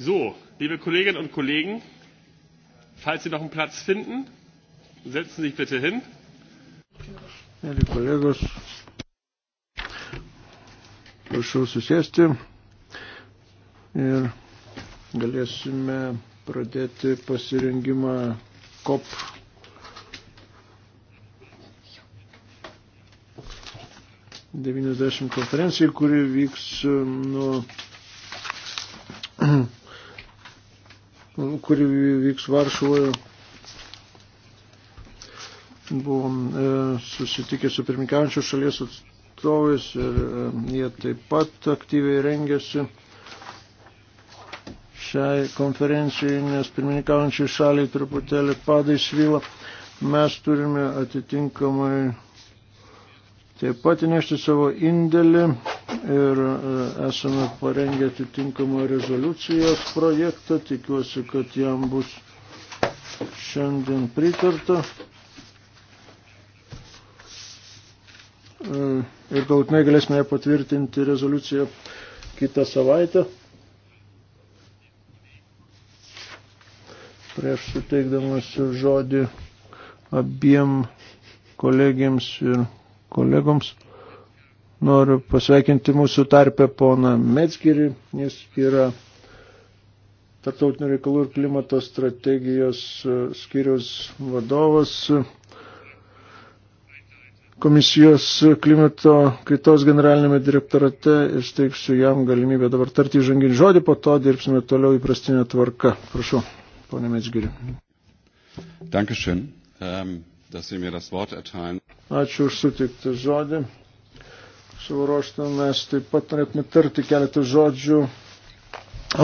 So, liebe Kolleginnen und Kollegen, falls Sie noch einen Platz finden, setzen Sie sich bitte hin. Mėly kolegos, prašau susėsti ir galėsime pradėti pasirengimą COP devyniasdešimt konferencijai, kuri vyks nuo kuri vyks Varšuvoje. Buvom e, susitikę su pirmininkiaujančios šalies atstovais ir e, jie taip pat aktyviai rengėsi šiai konferencijai, nes pirmininkaujančiai šaliai truputėlį padai svyla. Mes turime atitinkamai taip pat įnešti savo indėlį ir e, esame parengę atitinkamą rezoliucijos projektą. Tikiuosi, kad jam bus šiandien pritarta. E, ir galutinai galėsime patvirtinti rezoliuciją kitą savaitę. Prieš suteikdamas žodį abiem kolegiams ir kolegoms. Noriu pasveikinti mūsų tarpę poną Metskirį. Jis yra Tartautinio reikalų ir klimato strategijos e, skyriaus vadovas komisijos klimato kaitos generalinėme direktorate ir steiksiu jam galimybę dabar tarti įžanginį žodį, po to dirbsime toliau įprastinę tvarką. Prašau, ponė Mečgiri. Dankeschön, um, dass Sie mir das Wort erteilen. Ačiū už sutiktą žodį. Savo ruoštą mes taip pat norėtume tarti keletą žodžių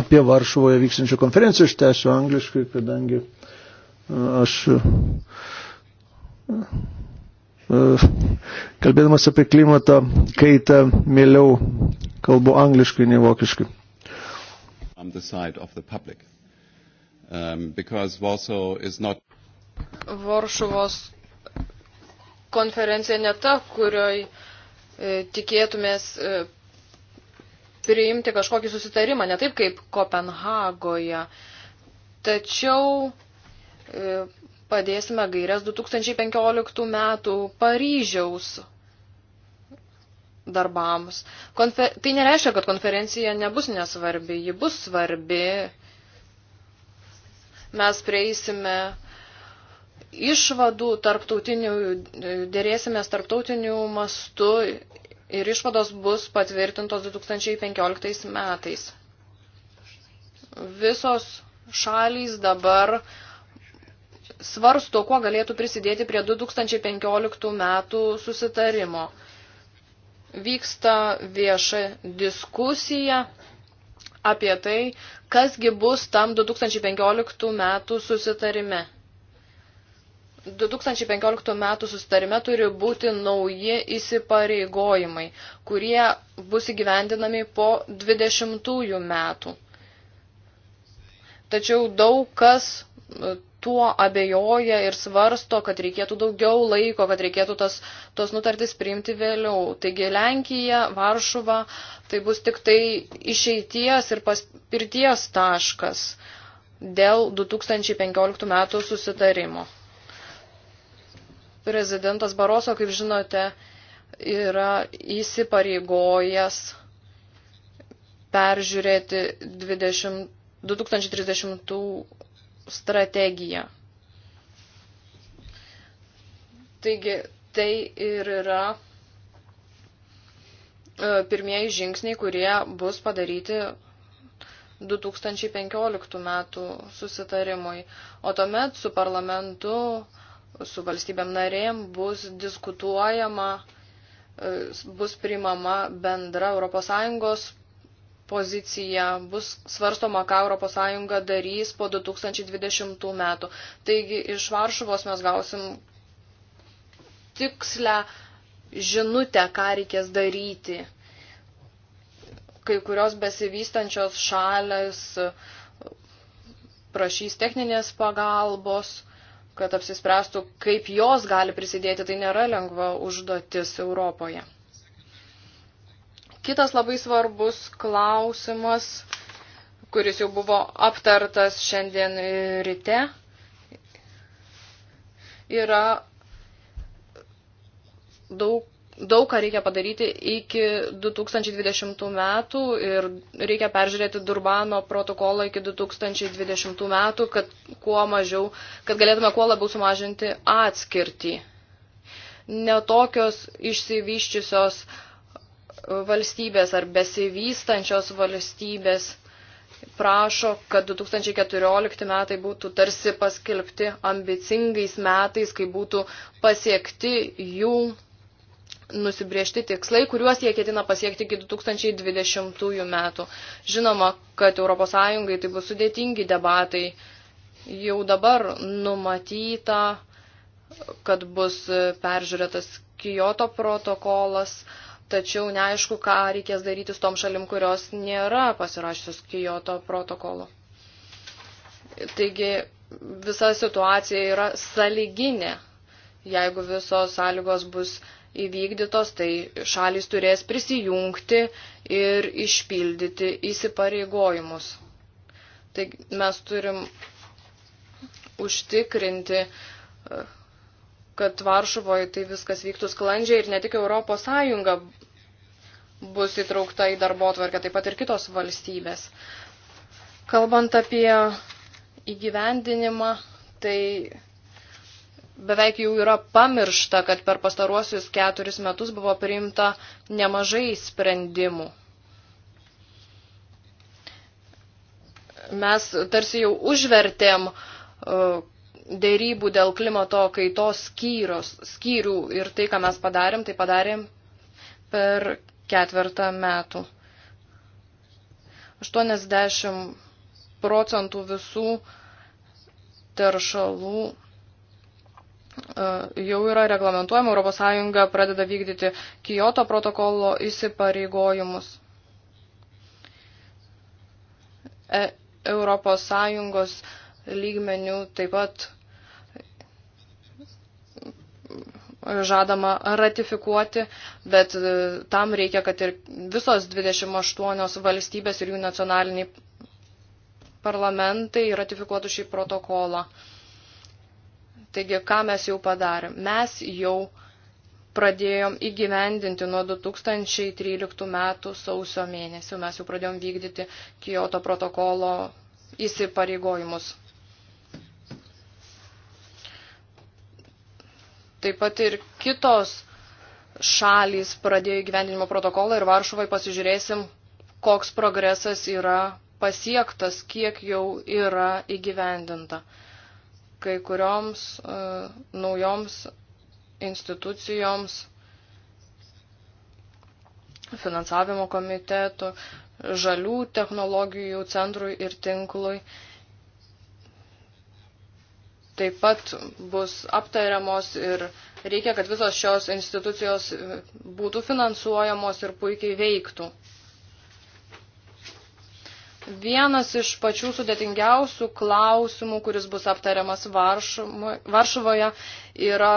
apie Varšuvoje vyksančią konferenciją. Aš tęsiu angliškai, kadangi e, aš e, e, kalbėdamas apie klimato kaitą mieliau kalbu angliškai nei vokiškai. Um, not... Varšuvos konferencija ne ta, kurioj uh, E, tikėtumės e, priimti kažkokį susitarimą, ne taip kaip Kopenhagoje. Tačiau e, padėsime gairias 2015 metų Paryžiaus darbams. Konfer tai nereiškia, kad konferencija nebus nesvarbi, ji bus svarbi. Mes prieisime išvadų tarptautinių, dėrėsimės tarptautinių mastų ir išvados bus patvirtintos 2015 metais. Visos šalys dabar svarsto, kuo galėtų prisidėti prie 2015 metų susitarimo. Vyksta vieša diskusija apie tai, kasgi bus tam 2015 metų susitarime. 2015 metų sustarime turi būti nauji įsipareigojimai, kurie bus įgyvendinami po 20 metų. Tačiau daug kas e, tuo abejoja ir svarsto, kad reikėtų daugiau laiko, kad reikėtų tas, tos nutartis priimti vėliau. Taigi Lenkija, Varšuva, tai bus tik tai išeities ir paspirties taškas dėl 2015 metų susitarimo. Prezidentas Baroso, kaip žinote, yra įsipareigojęs peržiūrėti 20, 2030 strategiją. Taigi tai ir yra e, pirmieji žingsniai, kurie bus padaryti 2015 metų susitarimui. O tuomet su parlamentu uh, su valstybėm narėm bus diskutuojama, e, bus primama bendra ES pozicija, bus svarstoma, ką ES darys po 2020 metų. Taigi iš Varšuvos mes gausim tikslę žinutę, ką reikės daryti. Kai kurios besivystančios šalės prašys techninės pagalbos, kad apsispręstų, kaip jos gali prisidėti, tai nėra lengva užduotis Europoje. Kitas labai svarbus klausimas, kuris jau buvo aptartas šiandien ryte, yra daug daug ką reikia padaryti iki 2020 metų ir reikia peržiūrėti Durbano protokolą iki 2020 metų, kad, kuo mažiau, kad galėtume kuo labiau sumažinti atskirtį. Netokios išsivyščiusios valstybės ar besivystančios valstybės prašo, kad 2014 metai būtų tarsi paskelbti ambicingais metais, kai būtų pasiekti jų nusibriežti tikslai, kuriuos jie ketina pasiekti iki 2020 metų. Žinoma, kad ES tai bus sudėtingi debatai. Jau dabar numatyta, kad bus peržiūrėtas Kyoto protokolas, tačiau neaišku, ką reikės daryti su tom šalim, kurios nėra pasirašysios Kyoto protokolo. Taigi visa situacija yra saliginė. Jeigu visos sąlygos bus įvykdytos, tai šalis turės prisijungti ir išpildyti įsipareigojimus. Taigi mes turim užtikrinti, kad Varšuvoje tai viskas vyktų sklandžiai ir ne tik Europos Sąjunga bus įtraukta į darbo tvarkę, taip pat ir kitos valstybės. Kalbant apie įgyvendinimą, tai beveik jau yra pamiršta, kad per pastaruosius keturis metus buvo priimta nemažai sprendimų. Mes tarsi jau užvertėm e, dėrybų dėl klimato kaitos skyros, skyrių ir tai, ką mes padarėm, tai padarėm per ketvirtą metų. 80 procentų visų teršalų E, jau yra reglamentuojama, ES pradeda vykdyti Kyoto protokolo įsipareigojimus. ES lygmenių taip pat žadama ratifikuoti, bet e, tam reikia, kad ir visos 28 valstybės ir jų nacionaliniai parlamentai ratifikuotų šį protokolą. Taigi, ką mes jau padarėm? Mes jau pradėjom įgyvendinti nuo 2013 metų sausio mėnesio. Mes jau pradėjom vykdyti Kyoto protokolo įsipareigojimus. Taip pat ir kitos šalys pradėjo įgyvendinimo protokolą ir Varšuvai pasižiūrėsim, koks progresas yra pasiektas, kiek jau yra įgyvendinta kai kurioms uh, naujoms institucijoms, finansavimo komitetų, žalių technologijų centrui ir tinklui. Taip pat bus aptariamos ir reikia, kad visos šios institucijos e, būtų finansuojamos ir puikiai veiktų vienas iš pačių sudėtingiausių klausimų, kuris bus aptariamas Varšuvoje, yra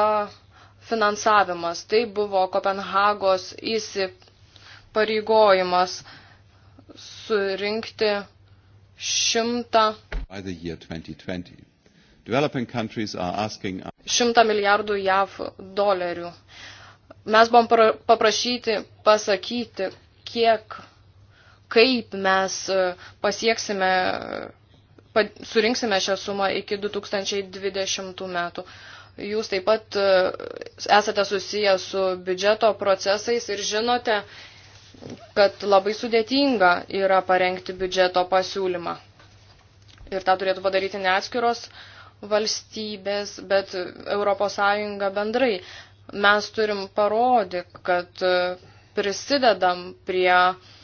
finansavimas. Tai buvo Kopenhagos įsipareigojimas surinkti šimtą. 100... 100 milijardų JAV dolerių. Mes buvom paprašyti pasakyti, kiek kaip mes e, pasieksime, surinksime šią sumą iki 2020 metų. Jūs taip pat e, esate susiję su biudžeto procesais ir žinote, kad labai sudėtinga yra parengti biudžeto pasiūlymą. Ir tą turėtų padaryti ne atskiros valstybės, bet ES bendrai. Mes turim parodyti, kad e, prisidedam prie uh,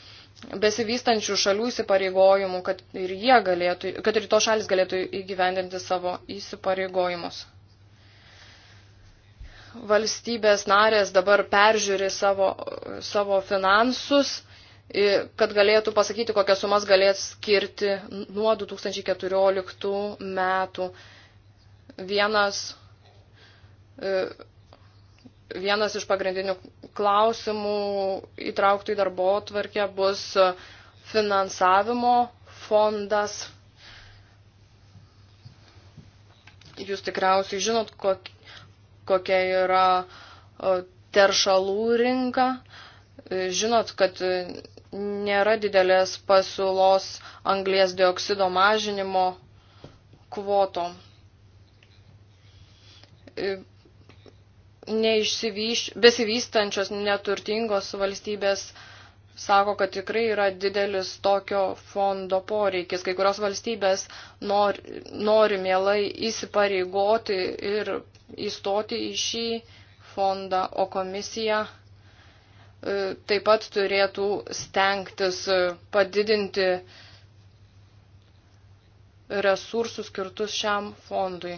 besivystančių šalių įsipareigojimų, kad ir, jie galėtų, kad ir to šalis galėtų įgyvendinti savo įsipareigojimus. Valstybės narės dabar peržiūri savo, savo finansus, kad galėtų pasakyti, kokias sumas galės skirti nuo 2014 metų. Vienas, vienas iš pagrindinių klausimų įtrauktų į darbo tvarkę bus finansavimo fondas. Jūs tikriausiai žinot, kokia yra e, teršalų rinka. E, žinot, kad nėra didelės pasiūlos anglės dioksido mažinimo kvotom e, besivystančios neturtingos valstybės sako, kad tikrai yra didelis tokio fondo poreikis. Kai kurios valstybės nori, nori mielai įsipareigoti ir įstoti į šį fondą, o komisija e, taip pat turėtų stengtis e, padidinti resursus skirtus šiam fondui.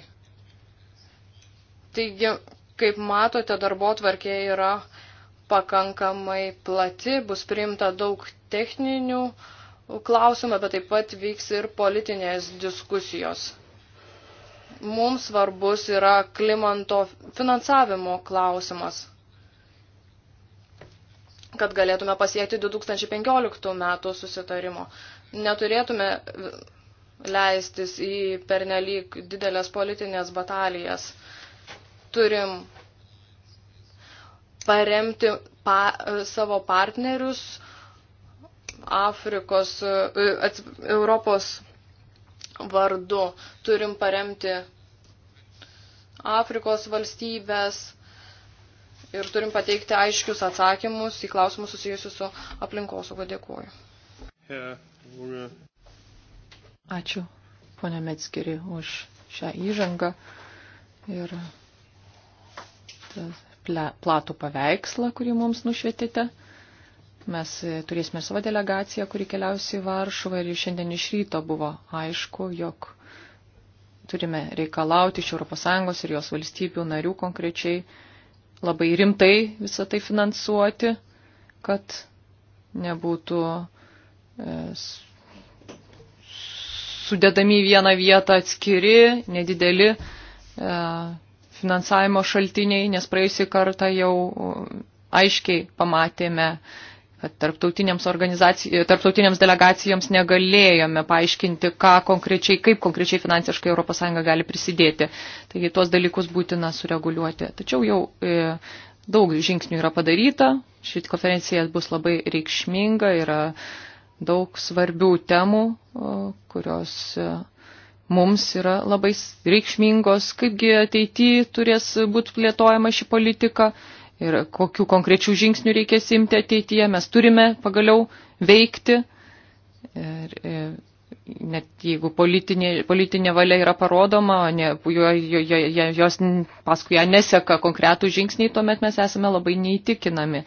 Taigi Kaip matote, darbo tvarkė yra pakankamai plati, bus priimta daug techninių klausimų, bet taip pat vyks ir politinės diskusijos. Mums svarbus yra klimanto finansavimo klausimas, kad galėtume pasiekti 2015 metų susitarimo. Neturėtume leistis į pernelyg didelės politinės batalijas turim paremti pa, savo partnerius Afrikos, e, ats, Europos vardu. Turim paremti Afrikos valstybės ir turim pateikti aiškius atsakymus į klausimus susijusius su aplinkosauga. Dėkuoju. Ačiū, ponia Metskiri, už šią įžangą. Ir platų paveikslą, kurį mums nušvietėte. Mes turėsime savo delegaciją, kuri keliausi į Varšuvą ir jau šiandien iš ryto buvo aišku, jog turime reikalauti iš ES ir jos valstybių narių konkrečiai labai rimtai visą tai finansuoti, kad nebūtų e, sudedami į vieną vietą atskiri, nedideli e, finansavimo šaltiniai, nes praėjusį kartą jau uh, aiškiai pamatėme, kad tarptautinėms, e, tarptautinėms delegacijoms negalėjome paaiškinti, ką konkrečiai, kaip konkrečiai finansiškai ES gali prisidėti. Taigi tuos dalykus būtina sureguliuoti. Tačiau jau e, daug žingsnių yra padaryta, ši konferencija bus labai reikšminga, yra daug svarbių temų, kurios. E, mums yra labai reikšmingos, kaipgi ateityje turės būti plėtojama ši politika ir kokiu konkrečių žingsnių reikės imti ateityje. Mes turime pagaliau veikti. Ir, ir, Net jeigu politinė, politinė valia yra parodoma, ne, jo, jo, jo, jos paskui ją neseka konkretų žingsniai, tuomet mes esame labai neįtikinami.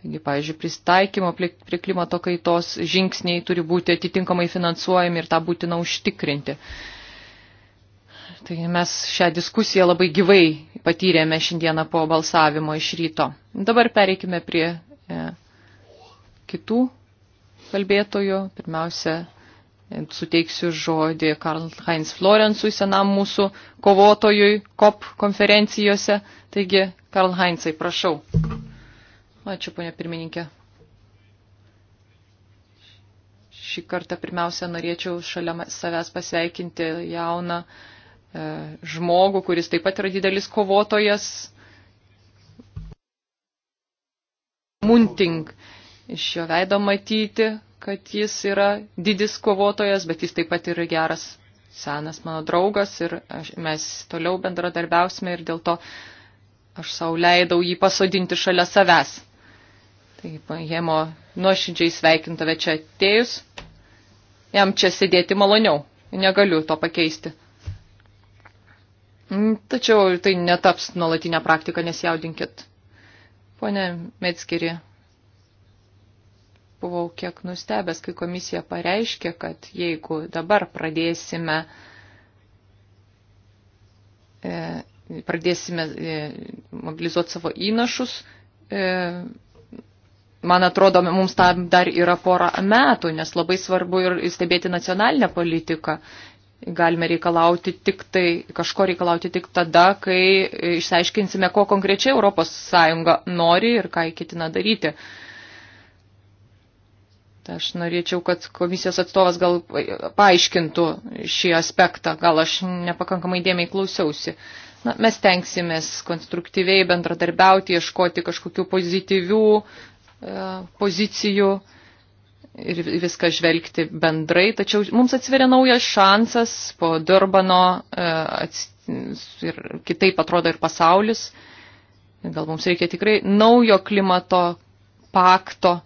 Taigi, pavyzdžiui, pristaikymo prie klimato kaitos žingsniai turi būti atitinkamai finansuojami ir tą būtina užtikrinti. Uh, Tai mes šią diskusiją labai gyvai patyrėme šiandieną po balsavimo iš ryto. Dabar pereikime prie e, kitų kalbėtojų. Pirmiausia, e, suteiksiu žodį Karl Heinz Florensui, senam mūsų kovotojui COP konferencijose. Taigi, Karl Heinzai, prašau. Ačiū, ponia pirmininkė. Šį kartą pirmiausia norėčiau šalia savęs pasveikinti jauną E, žmogų, kuris taip pat yra didelis kovotojas. Munting. Iš jo veido matyti, kad jis yra didis kovotojas, bet jis taip pat yra geras senas mano draugas ir aš, mes toliau bendradarbiausime ir dėl to aš savo leidau jį pasodinti šalia savęs. Taip, Hemo nuoširdžiai sveikintave čia atėjus. Jam čia sėdėti maloniau. Negaliu to pakeisti. Mm, tačiau tai netaps nuolatinę praktiką, nesjaudinkit. Pone Metskiri, buvau kiek nustebęs, kai komisija pareiškė, kad jeigu dabar pradėsime, e, pradėsime e, mobilizuoti savo įnašus, e, man atrodo, mums tam dar yra pora metų, nes labai svarbu ir stebėti nacionalinę politiką Galime reikalauti tik tai, kažko reikalauti tik tada, kai išsiaiškinsime, ko konkrečiai ES nori ir ką ketina daryti. Tai aš norėčiau, kad komisijos atstovas gal paaiškintų šį aspektą, gal aš nepakankamai dėmiai klausiausi. Na, mes tenksimės konstruktyviai bendradarbiauti, ieškoti kažkokių pozityvių e, pozicijų. E, ir viską žvelgti bendrai, tačiau mums atsiveria naujas šansas po Durbano e, ir kitaip atrodo ir pasaulis. Gal mums reikia tikrai naujo klimato pakto,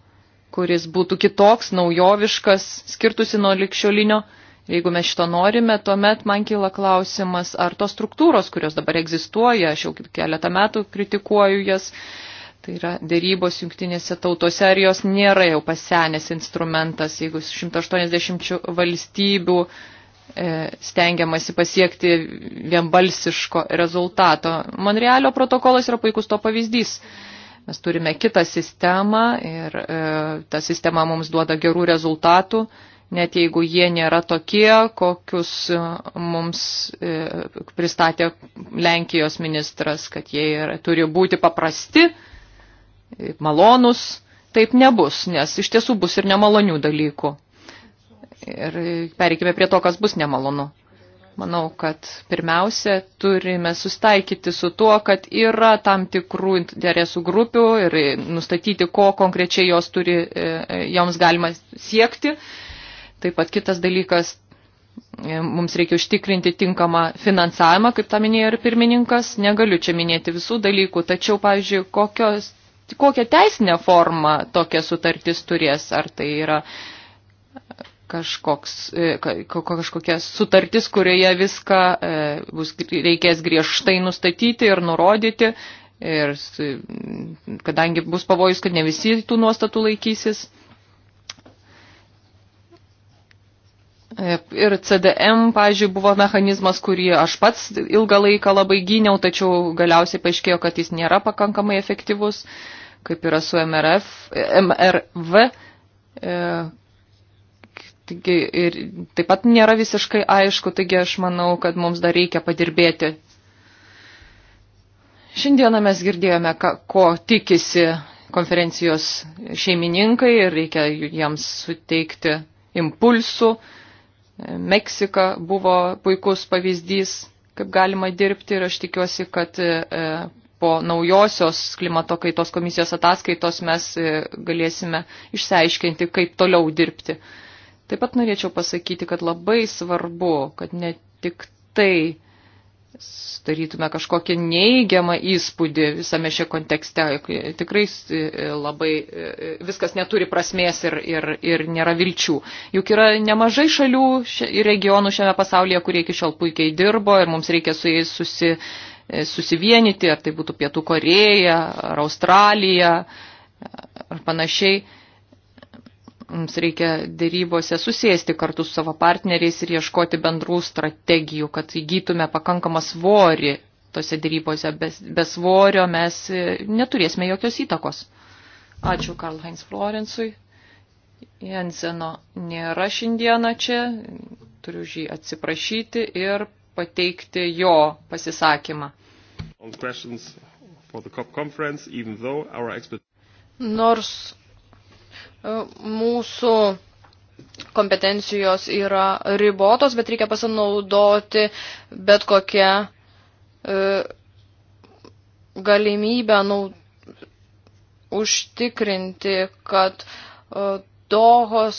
kuris būtų kitoks, naujoviškas, skirtusi nuo likščiolinio. Jeigu mes šito norime, tuomet man kyla klausimas, ar tos struktūros, kurios dabar egzistuoja, aš jau keletą metų kritikuoju jas, uh, Tai yra dėrybos jungtinėse tautose, ar jos nėra jau pasenęs instrumentas, jeigu 180 valstybių e, stengiamasi pasiekti vienbalsiško rezultato. Monrealio protokolas yra puikus to pavyzdys. Mes turime kitą sistemą ir e, ta sistema mums duoda gerų rezultatų, net jeigu jie nėra tokie, kokius e, mums e, pristatė Lenkijos ministras, kad jie yra, turi būti paprasti, e, malonus, taip nebus, nes iš tiesų bus ir nemalonių dalykų. Ir pereikime prie to, kas bus nemalonu. Manau, kad pirmiausia, turime sustaikyti su tuo, kad yra tam tikrų interesų grupių ir nustatyti, ko konkrečiai jos turi, e, e, joms galima siekti. Taip pat kitas dalykas, e, mums reikia užtikrinti tinkamą finansavimą, kaip tą minėjo ir pirmininkas. Negaliu čia minėti visų dalykų, tačiau, pavyzdžiui, kokios kokią teisinę formą tokia sutartis turės, ar tai yra kažkoks, e, kažkokia sutartis, kurioje viską e, bus, reikės griežtai nustatyti ir nurodyti, ir kadangi bus pavojus, kad ne visi tų nuostatų laikysis. E, ir CDM, pažiūrėjau, buvo mechanizmas, kurį aš pats ilgą laiką labai gyniau, tačiau galiausiai paaiškėjo, kad jis nėra pakankamai efektyvus. E, kaip yra su MRF, MRV. E, taigi, ir taip pat nėra visiškai aišku, taigi aš manau, kad mums dar reikia padirbėti. Šiandieną mes girdėjome, ko tikisi konferencijos šeimininkai ir reikia jiems suteikti impulsų. Meksika buvo puikus pavyzdys, kaip galima dirbti ir aš tikiuosi, kad e, po naujosios klimato kaitos komisijos ataskaitos mes e, galėsime išsiaiškinti, kaip toliau dirbti. Taip pat norėčiau pasakyti, kad labai svarbu, kad ne tik tai darytume kažkokią neįgiamą įspūdį visame šio kontekste. Tikrai e, labai e, viskas neturi prasmės ir, ir, ir nėra vilčių. Juk yra nemažai šalių ir regionų šiame pasaulyje, kurie iki šiol puikiai dirbo ir mums reikia su jais susi, E, susivienyti, ar tai būtų Pietų Koreja, ar Australija, ar panašiai. Mums reikia dėrybose susėsti kartu su savo partneriais ir ieškoti bendrų strategijų, kad įgytume pakankamą svorį tose dėrybose. Be, be svorio mes e, neturėsime jokios įtakos. Ačiū Karl Heinz Florencui. Jenseno nėra šiandieną čia, turiu už jį atsiprašyti ir pateikti jo pasisakymą. Nors e, mūsų kompetencijos yra ribotos, bet reikia pasinaudoti bet kokią e, galimybę nau, užtikrinti, kad e, Dohos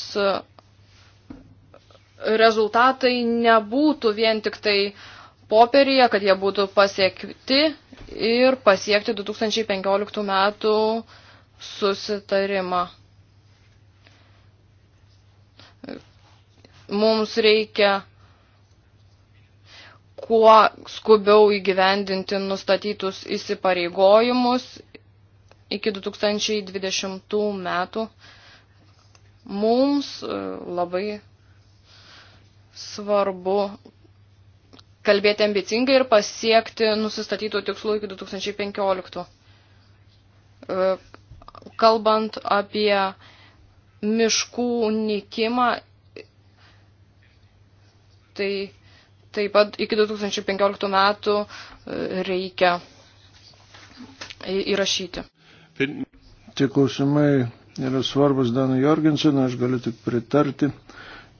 rezultatai nebūtų vien tik tai popieryje, kad jie būtų pasiekti ir pasiekti 2015 metų susitarimą. Mums reikia kuo skubiau įgyvendinti nustatytus įsipareigojimus iki 2020 metų. Mums labai svarbu kalbėti ambicingai ir pasiekti nusistatytų tikslų iki 2015. E, kalbant apie miškų nykimą, tai taip pat iki 2015 metų e, reikia įrašyti. Tie klausimai yra svarbus Danui Jorgensenui, aš galiu tik pritarti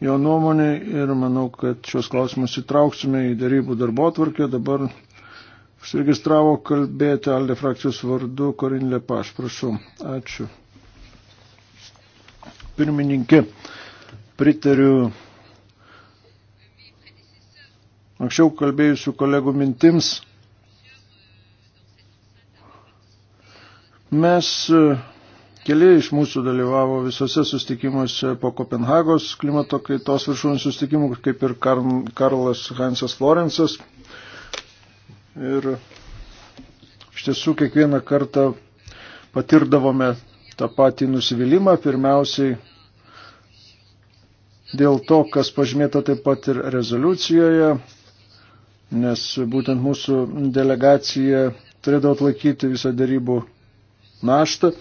jo nuomonė ir manau, kad šios klausimus įtrauksime į darybų darbo atvarkę. Dabar užsiregistravo kalbėti Alde frakcijos vardu Korin Lepaš. Prašau. Ačiū. Pirmininkė, pritariu anksčiau kalbėjusių kolegų mintims. Mes Keli iš mūsų dalyvavo visose sustikimuose po Kopenhagos klimato kaitos viršūnų sustikimų, kaip ir Karlas Hansas Lorenzas. Ir iš tiesų kiekvieną kartą patirdavome tą patį nusivylimą, pirmiausiai dėl to, kas pažymėta taip pat ir rezoliucijoje, nes būtent mūsų delegacija turėdavo atlaikyti visą darybų naštą.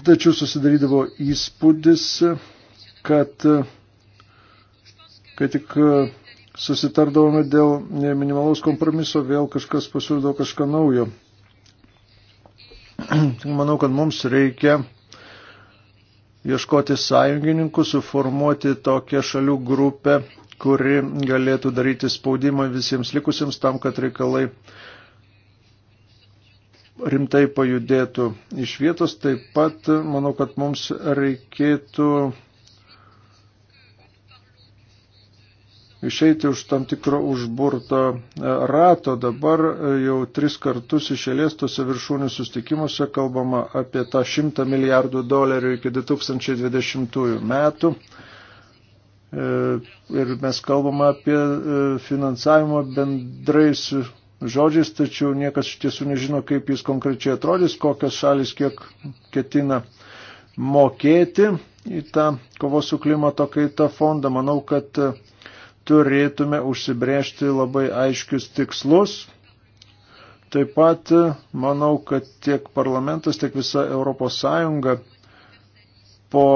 Tačiau susidarydavo įspūdis, kad kai tik susitardavome dėl minimalaus kompromiso, vėl kažkas pasiūlydavo kažką naujo. Manau, kad mums reikia ieškoti sąjungininkų, suformuoti tokią šalių grupę, kuri galėtų daryti spaudimą visiems likusiems tam, kad reikalai rimtai pajudėtų iš vietos. Taip pat manau, kad mums reikėtų išeiti už tam tikro užburto e, rato. Dabar e, jau tris kartus išėlės tose viršūnių sustikimuose kalbama apie tą 100 milijardų dolerių iki 2020 metų. E, ir mes kalbame apie finansavimo bendrais žodžiais, tačiau niekas iš tiesų nežino, kaip jis konkrečiai atrodys, kokios šalis kiek ketina mokėti į tą kovos su klimato kaita fondą. Manau, kad e, turėtume užsibrėžti labai aiškius tikslus. Taip pat e, manau, kad tiek parlamentas, tiek visa Europos Sąjunga po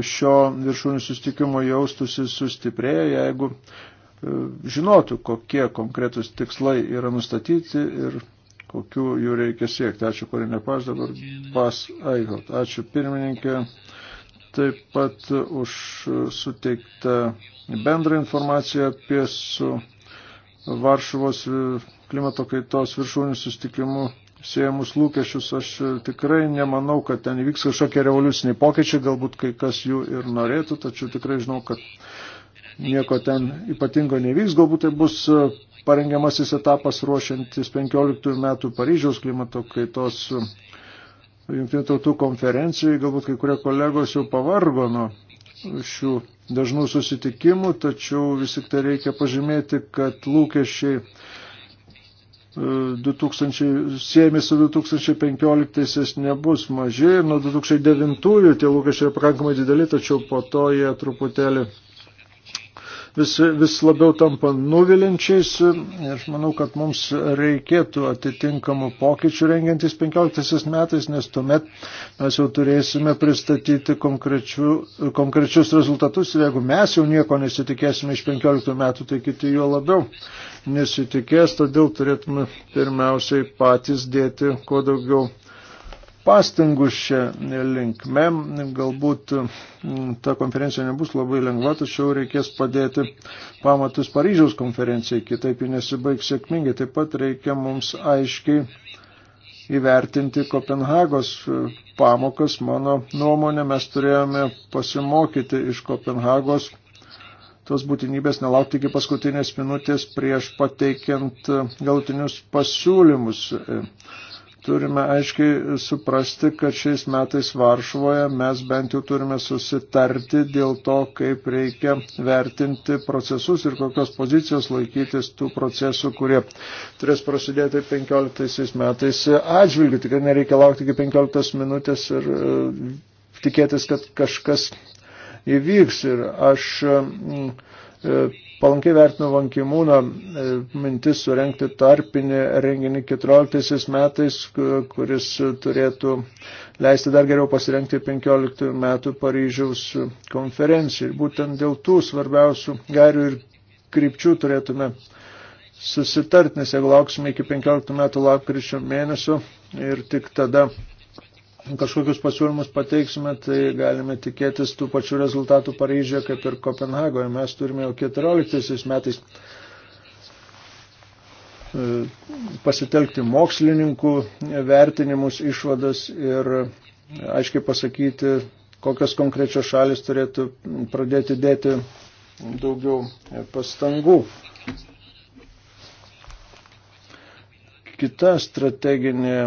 šio viršūnių sustikimo jaustusi sustiprėję, jeigu žinotų, kokie konkretus tikslai yra nustatyti ir kokių jų reikia siekti. Ačiū, Korinė Paš, dabar pas Aigot. Ačiū pirmininkė, taip pat už suteiktą bendrą informaciją apie su Varšuvos klimato kaitos viršūnių sustikimu siejamus lūkesčius. Aš tikrai nemanau, kad ten įvyks kažkokie revoliuciniai pokyčiai, galbūt kai kas jų ir norėtų, tačiau tikrai žinau, kad nieko ten ypatingo nevyks. Galbūt tai bus e, parengiamasis etapas ruošiantis 15 metų Paryžiaus klimato kaitos e, jungtinių tautų konferencijai. Galbūt kai kurie kolegos jau pavargo nuo šių dažnų susitikimų, tačiau vis tik tai reikia pažymėti, kad lūkesčiai 2000, e, siejami su 2015 nebus maži ir nuo 2009 tie lūkesčiai yra pakankamai dideli, tačiau po to jie truputėlį vis, vis labiau tampa nuvilinčiais. Aš manau, kad mums reikėtų atitinkamų pokyčių rengiantis 15 metais, nes tuomet mes jau turėsime pristatyti konkrečių, konkrečius rezultatus. Ir jeigu mes jau nieko nesitikėsime iš 15 metų, tai kiti jo labiau nesitikės. Todėl turėtume pirmiausiai patys dėti kuo daugiau pastangų šią linkme. Galbūt mm, ta konferencija nebus labai lengva, tačiau reikės padėti pamatus Paryžiaus konferencijai, kitaip ji nesibaigs sėkmingai. Taip pat reikia mums aiškiai įvertinti Kopenhagos pamokas. Mano nuomonė, mes turėjome pasimokyti iš Kopenhagos tos būtinybės nelaukti iki paskutinės minutės prieš pateikiant galutinius pasiūlymus turime aiškiai suprasti, kad šiais metais Varšuvoje mes bent jau turime susitarti dėl to, kaip reikia vertinti procesus ir kokios pozicijos laikytis tų procesų, kurie turės prasidėti 15 metais atžvilgių. Tikrai nereikia laukti iki 15 minutės ir e, tikėtis, kad kažkas įvyks. Ir aš mm, e, Palankiai vertinu Vankimūną e, mintis surenkti tarpinį renginį 14 metais, kuris turėtų leisti dar geriau pasirengti 15 metų Paryžiaus konferencijai. Būtent dėl tų svarbiausių gairių ir krypčių turėtume susitarti, nes jeigu lauksime iki 15 metų lapkričio mėnesio ir tik tada kažkokius pasiūlymus pateiksime, tai galime tikėtis tų pačių rezultatų Paryžioje kaip ir Kopenhagoje. Mes turime jau 14 metais e, pasitelkti mokslininkų vertinimus, išvadas ir aiškiai pasakyti, kokios konkrečios šalis turėtų pradėti dėti daugiau pastangų. Kita strateginė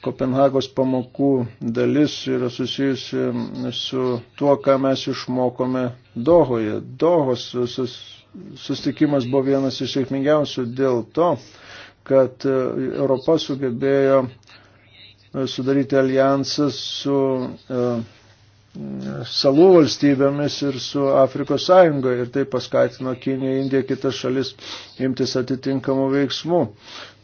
Kopenhagos pamokų dalis yra susijusi su tuo, ką mes išmokome Dohoje. Dohos sus, sustikimas buvo vienas iš sėkmingiausių dėl to, kad e, Europa sugebėjo e, sudaryti alijansą su uh, salų valstybėmis ir su Afrikos sąjunga ir tai paskatino Kiniją, Indiją, kitas šalis imtis atitinkamų veiksmų.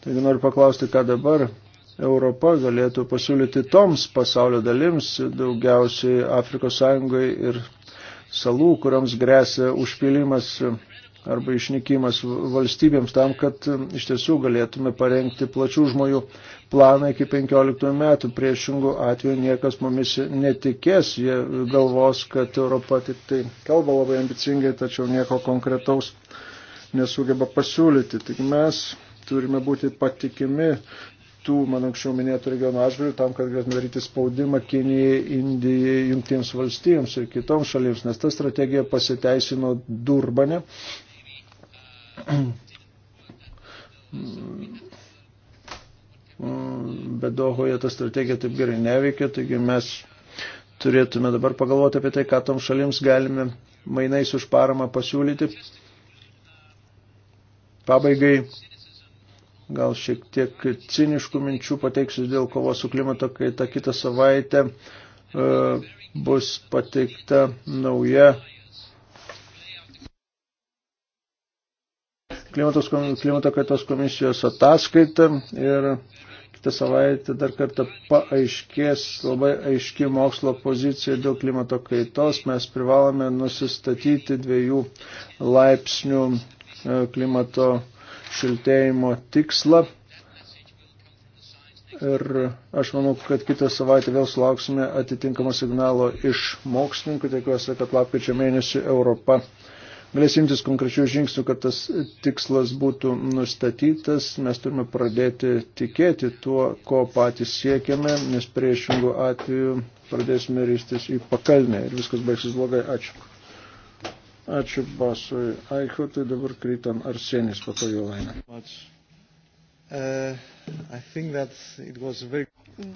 Taigi noriu paklausti, ką dabar Europa galėtų pasiūlyti toms pasaulio dalims, daugiausiai Afrikos Sąjungai ir salų, kuriams grėsia užpilimas arba išnykimas valstybėms tam, kad iš tiesų galėtume parengti plačių žmonių planą iki 15 metų. Priešingų atveju niekas mumis netikės, jie galvos, kad Europa tik tai kalba labai ambicingai, tačiau nieko konkretaus nesugeba pasiūlyti. Tik mes turime būti patikimi kitų, man anksčiau minėtų regionų atžvilgių, tam, kad galėtume daryti spaudimą Kinijai, Indijai, Jungtiems valstijoms ir kitoms šalims, nes ta strategija pasiteisino Durbane. Bet Dohoje ta strategija taip gerai neveikia, taigi mes turėtume dabar pagalvoti apie tai, ką tom šalims galime mainais už paramą pasiūlyti. Pabaigai gal šiek tiek ciniškų minčių pateiksiu dėl kovos su klimato kaita. Kitą savaitę e, bus pateikta nauja klimatos, klimato kaitos komisijos ataskaita ir kitą savaitę dar kartą paaiškės labai aiški mokslo pozicija dėl klimato kaitos. Mes privalome nusistatyti dviejų laipsnių e, klimato kaitos šiltėjimo tikslą. Ir aš manau, kad kitą savaitę vėl sulauksime atitinkamo signalo iš mokslininkų. Tikiuosi, kad lapkričio mėnesį Europa galės imtis konkrečių žingsnių, kad tas tikslas būtų nustatytas. Mes turime pradėti tikėti tuo, ko patys siekiame, nes priešingų atveju pradėsime rystis į pakalnę ir viskas baigsis blogai. Ačiū. Ačiū Basui Aikutui, dabar krytam Arsenis, po to jau eina.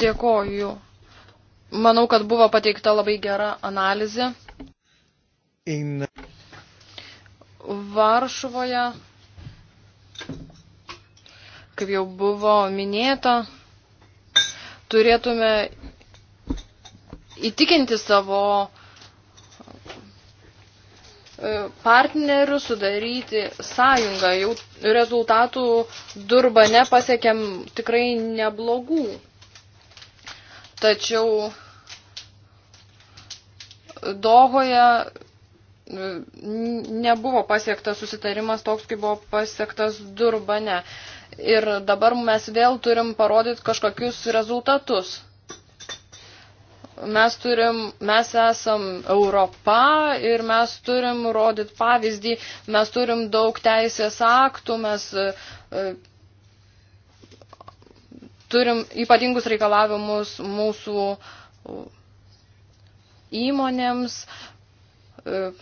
Dėkoju. Manau, kad buvo pateikta labai gera analizė. In... Varšuvoje, kaip jau buvo minėta, turėtume įtikinti savo E, partnerių sudaryti sąjungą. Jau rezultatų durba nepasiekėm tikrai neblogų. Tačiau Dohoje e, nebuvo pasiektas susitarimas toks, kaip buvo pasiektas Durbane. Ir dabar mes vėl turim parodyti kažkokius rezultatus mes turim, mes esam Europa ir mes turim rodyti pavyzdį, mes turim daug teisės aktų, mes e, turim ypatingus reikalavimus mūsų e, įmonėms. 19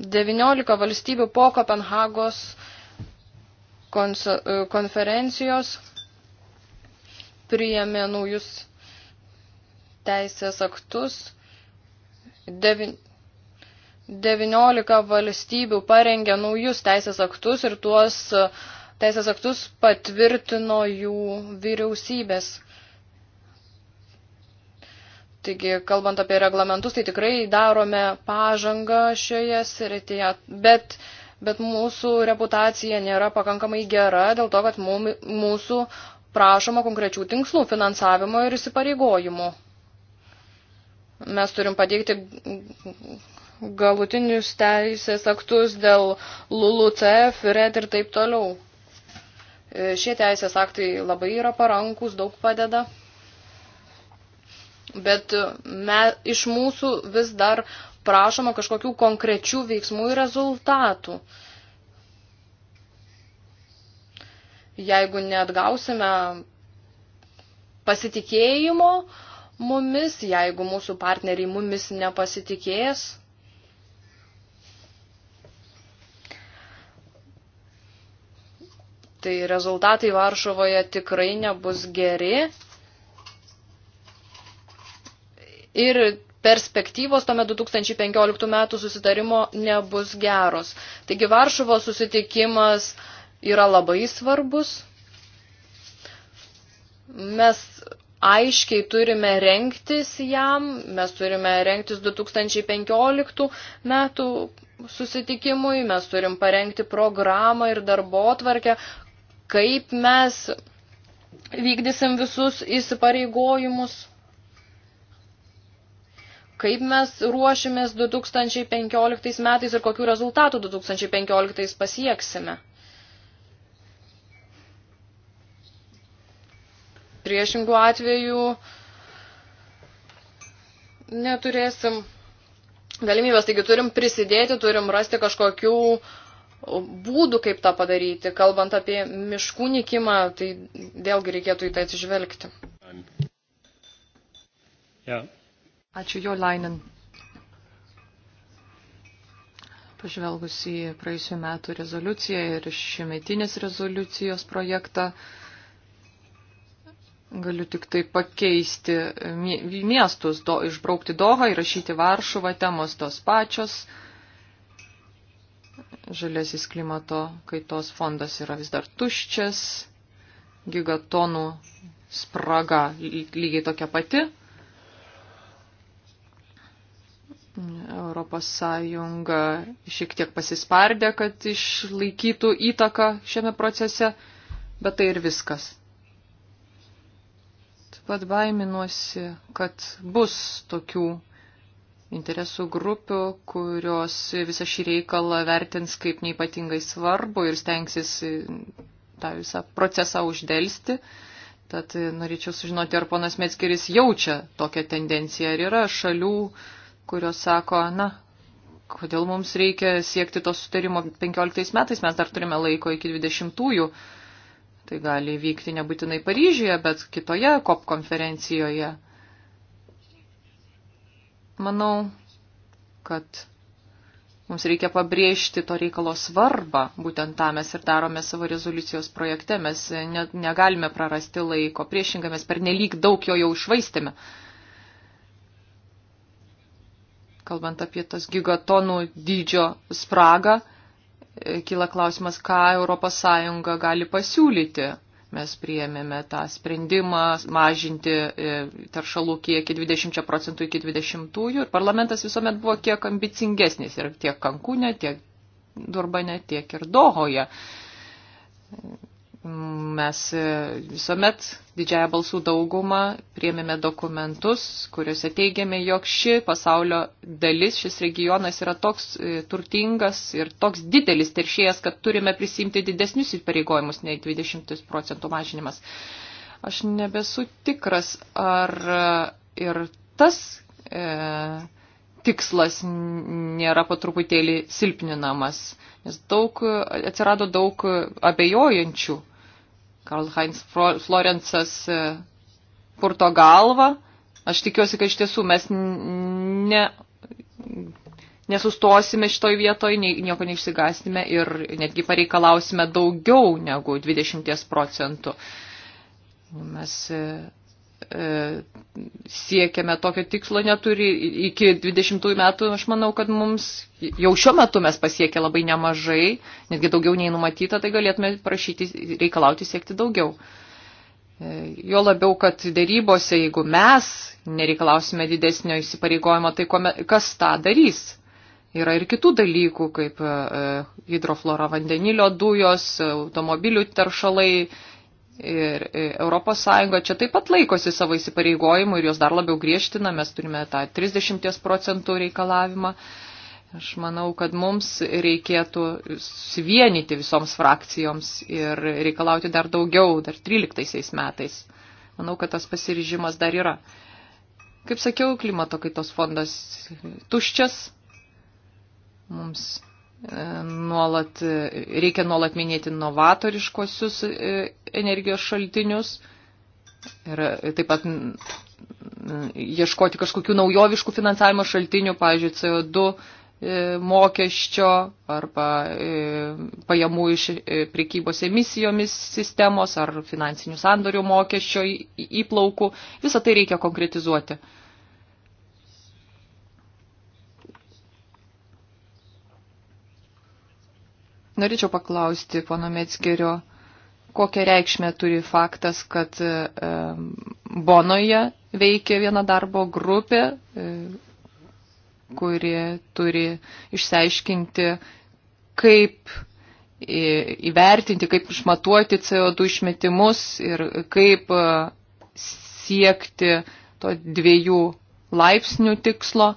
e, valstybių po Kopenhagos konferencijos priėmė naujus teisės aktus. 19 valstybių parengė naujus teisės aktus ir tuos e, teisės aktus patvirtino jų vyriausybės. Taigi, kalbant apie reglamentus, tai tikrai darome pažangą šioje srityje, bet, bet mūsų reputacija nėra pakankamai gera dėl to, kad mūsų prašoma konkrečių tinklų finansavimo ir įsipareigojimų. Mes turim pateikti galutinius teisės aktus dėl LULUCF, RED ir taip toliau. E, šie teisės aktai labai yra parankus, daug padeda. Bet e, me, iš mūsų vis dar prašoma kažkokių konkrečių veiksmų ir rezultatų. Jeigu neatgausime pasitikėjimo, uh, mumis, jeigu mūsų partneriai mumis nepasitikės. Tai rezultatai Varšuvoje tikrai nebus geri. Ir perspektyvos tome 2015 metų susitarimo nebus geros. Taigi Varšuvo susitikimas yra labai svarbus. Mes aiškiai turime renktis jam, mes turime renktis 2015 metų susitikimui, mes turim parengti programą ir darbo atvarkę, kaip mes vykdysim visus įsipareigojimus, kaip mes ruošimės 2015 metais ir kokiu rezultatu 2015 pasieksime. Priešingų atvejų neturėsim galimybės, taigi turim prisidėti, turim rasti kažkokių būdų, kaip tą padaryti. Kalbant apie miškų nikimą, tai vėlgi reikėtų į tai atsižvelgti. Ja. Ačiū jo Lainin. Pažvelgus į praėjusių metų rezoliuciją ir šimetinės rezoliucijos projektą, uh, Galiu tik tai pakeisti miestus, do, išbraukti Dohą, įrašyti Varšuvą, temos tos pačios. Žalėsis klimato kaitos fondas yra vis dar tuščias, gigatonų spraga lygiai tokia pati. Europos Sąjunga šiek tiek pasispardė, kad išlaikytų įtaką šiame procese, bet tai ir viskas pat baiminuosi, kad bus tokių interesų grupių, kurios visą šį reikalą vertins kaip neipatingai svarbu ir stengsis tą visą procesą uždėlsti. Tad norėčiau sužinoti, ar ponas Metskeris jaučia tokią tendenciją, ar yra šalių, kurios sako, na, kodėl mums reikia siekti to sutarimo 15 metais, mes dar turime laiko iki 20-ųjų. -ųjų Tai gali vykti nebūtinai Paryžiuje, bet kitoje COP konferencijoje. Manau, kad mums reikia pabrėžti to reikalo svarbą. Būtent tą mes ir darome savo rezoliucijos projekte. Mes ne, negalime prarasti laiko. Priešingai mes per nelik daug jo jau išvaistėme. Kalbant apie tas gigatonų dydžio spragą, kyla klausimas, ką ES gali pasiūlyti. Mes priėmėme tą sprendimą mažinti e, taršalų kiekį 20 procentų iki 20-ųjų ir parlamentas visuomet buvo kiek ambicingesnis ir tiek Kankūne, tiek Durbane, tiek ir Dohoje mes e, visuomet didžiąją balsų daugumą priemėme dokumentus, kuriuose teigiame, jog ši pasaulio dalis, šis regionas yra toks e, turtingas ir toks didelis teršėjas, kad turime prisimti didesnius įpareigojimus nei 20 procentų mažinimas. Aš nebesu tikras, ar e, ir tas. E, tikslas nėra po truputėlį silpninamas, nes daug, atsirado daug abejojančių Karl Heinz Florensas e, purto galvą. Aš tikiuosi, kad iš tiesų mes ne, nesustosime šitoj vietoj, nieko neišsigastime ir netgi pareikalausime daugiau negu 20 procentų. Mes e, E, siekiame tokio tikslo neturi iki 20 metų, aš manau, kad mums jau šiuo metu mes pasiekę labai nemažai, netgi daugiau nei numatyta, tai galėtume prašyti, reikalauti siekti daugiau. E, jo labiau, kad dėrybose, jeigu mes nereikalausime didesnio įsipareigojimo, tai kas tą darys? Yra ir kitų dalykų, kaip e, hidroflora vandenilio dujos, automobilių teršalai, Ir ES čia taip pat laikosi savo įsipareigojimų ir jos dar labiau griežtina, mes turime tą 30 procentų reikalavimą. Aš manau, kad mums reikėtų suvienyti visoms frakcijoms ir reikalauti dar daugiau, dar 13 metais. Manau, kad tas pasiryžimas dar yra. Kaip sakiau, klimato kaitos fondas tuščias. Mums nuolat, reikia nuolat minėti novatoriškosius e, energijos šaltinius ir e, taip pat ieškoti kažkokių naujoviškų finansavimo šaltinių, pavyzdžiui, CO2 e, mokesčio arba pajamų iš prekybos emisijomis sistemos ar finansinių sandorių mokesčio įplaukų. Visą tai reikia konkretizuoti. Norėčiau paklausti pono Metsgerio, kokią reikšmę turi faktas, kad e, Bonoje veikia viena darbo grupė, e, kuri turi išsiaiškinti, kaip e, įvertinti, kaip išmatuoti CO2 išmetimus ir kaip siekti to dviejų laipsnių tikslo.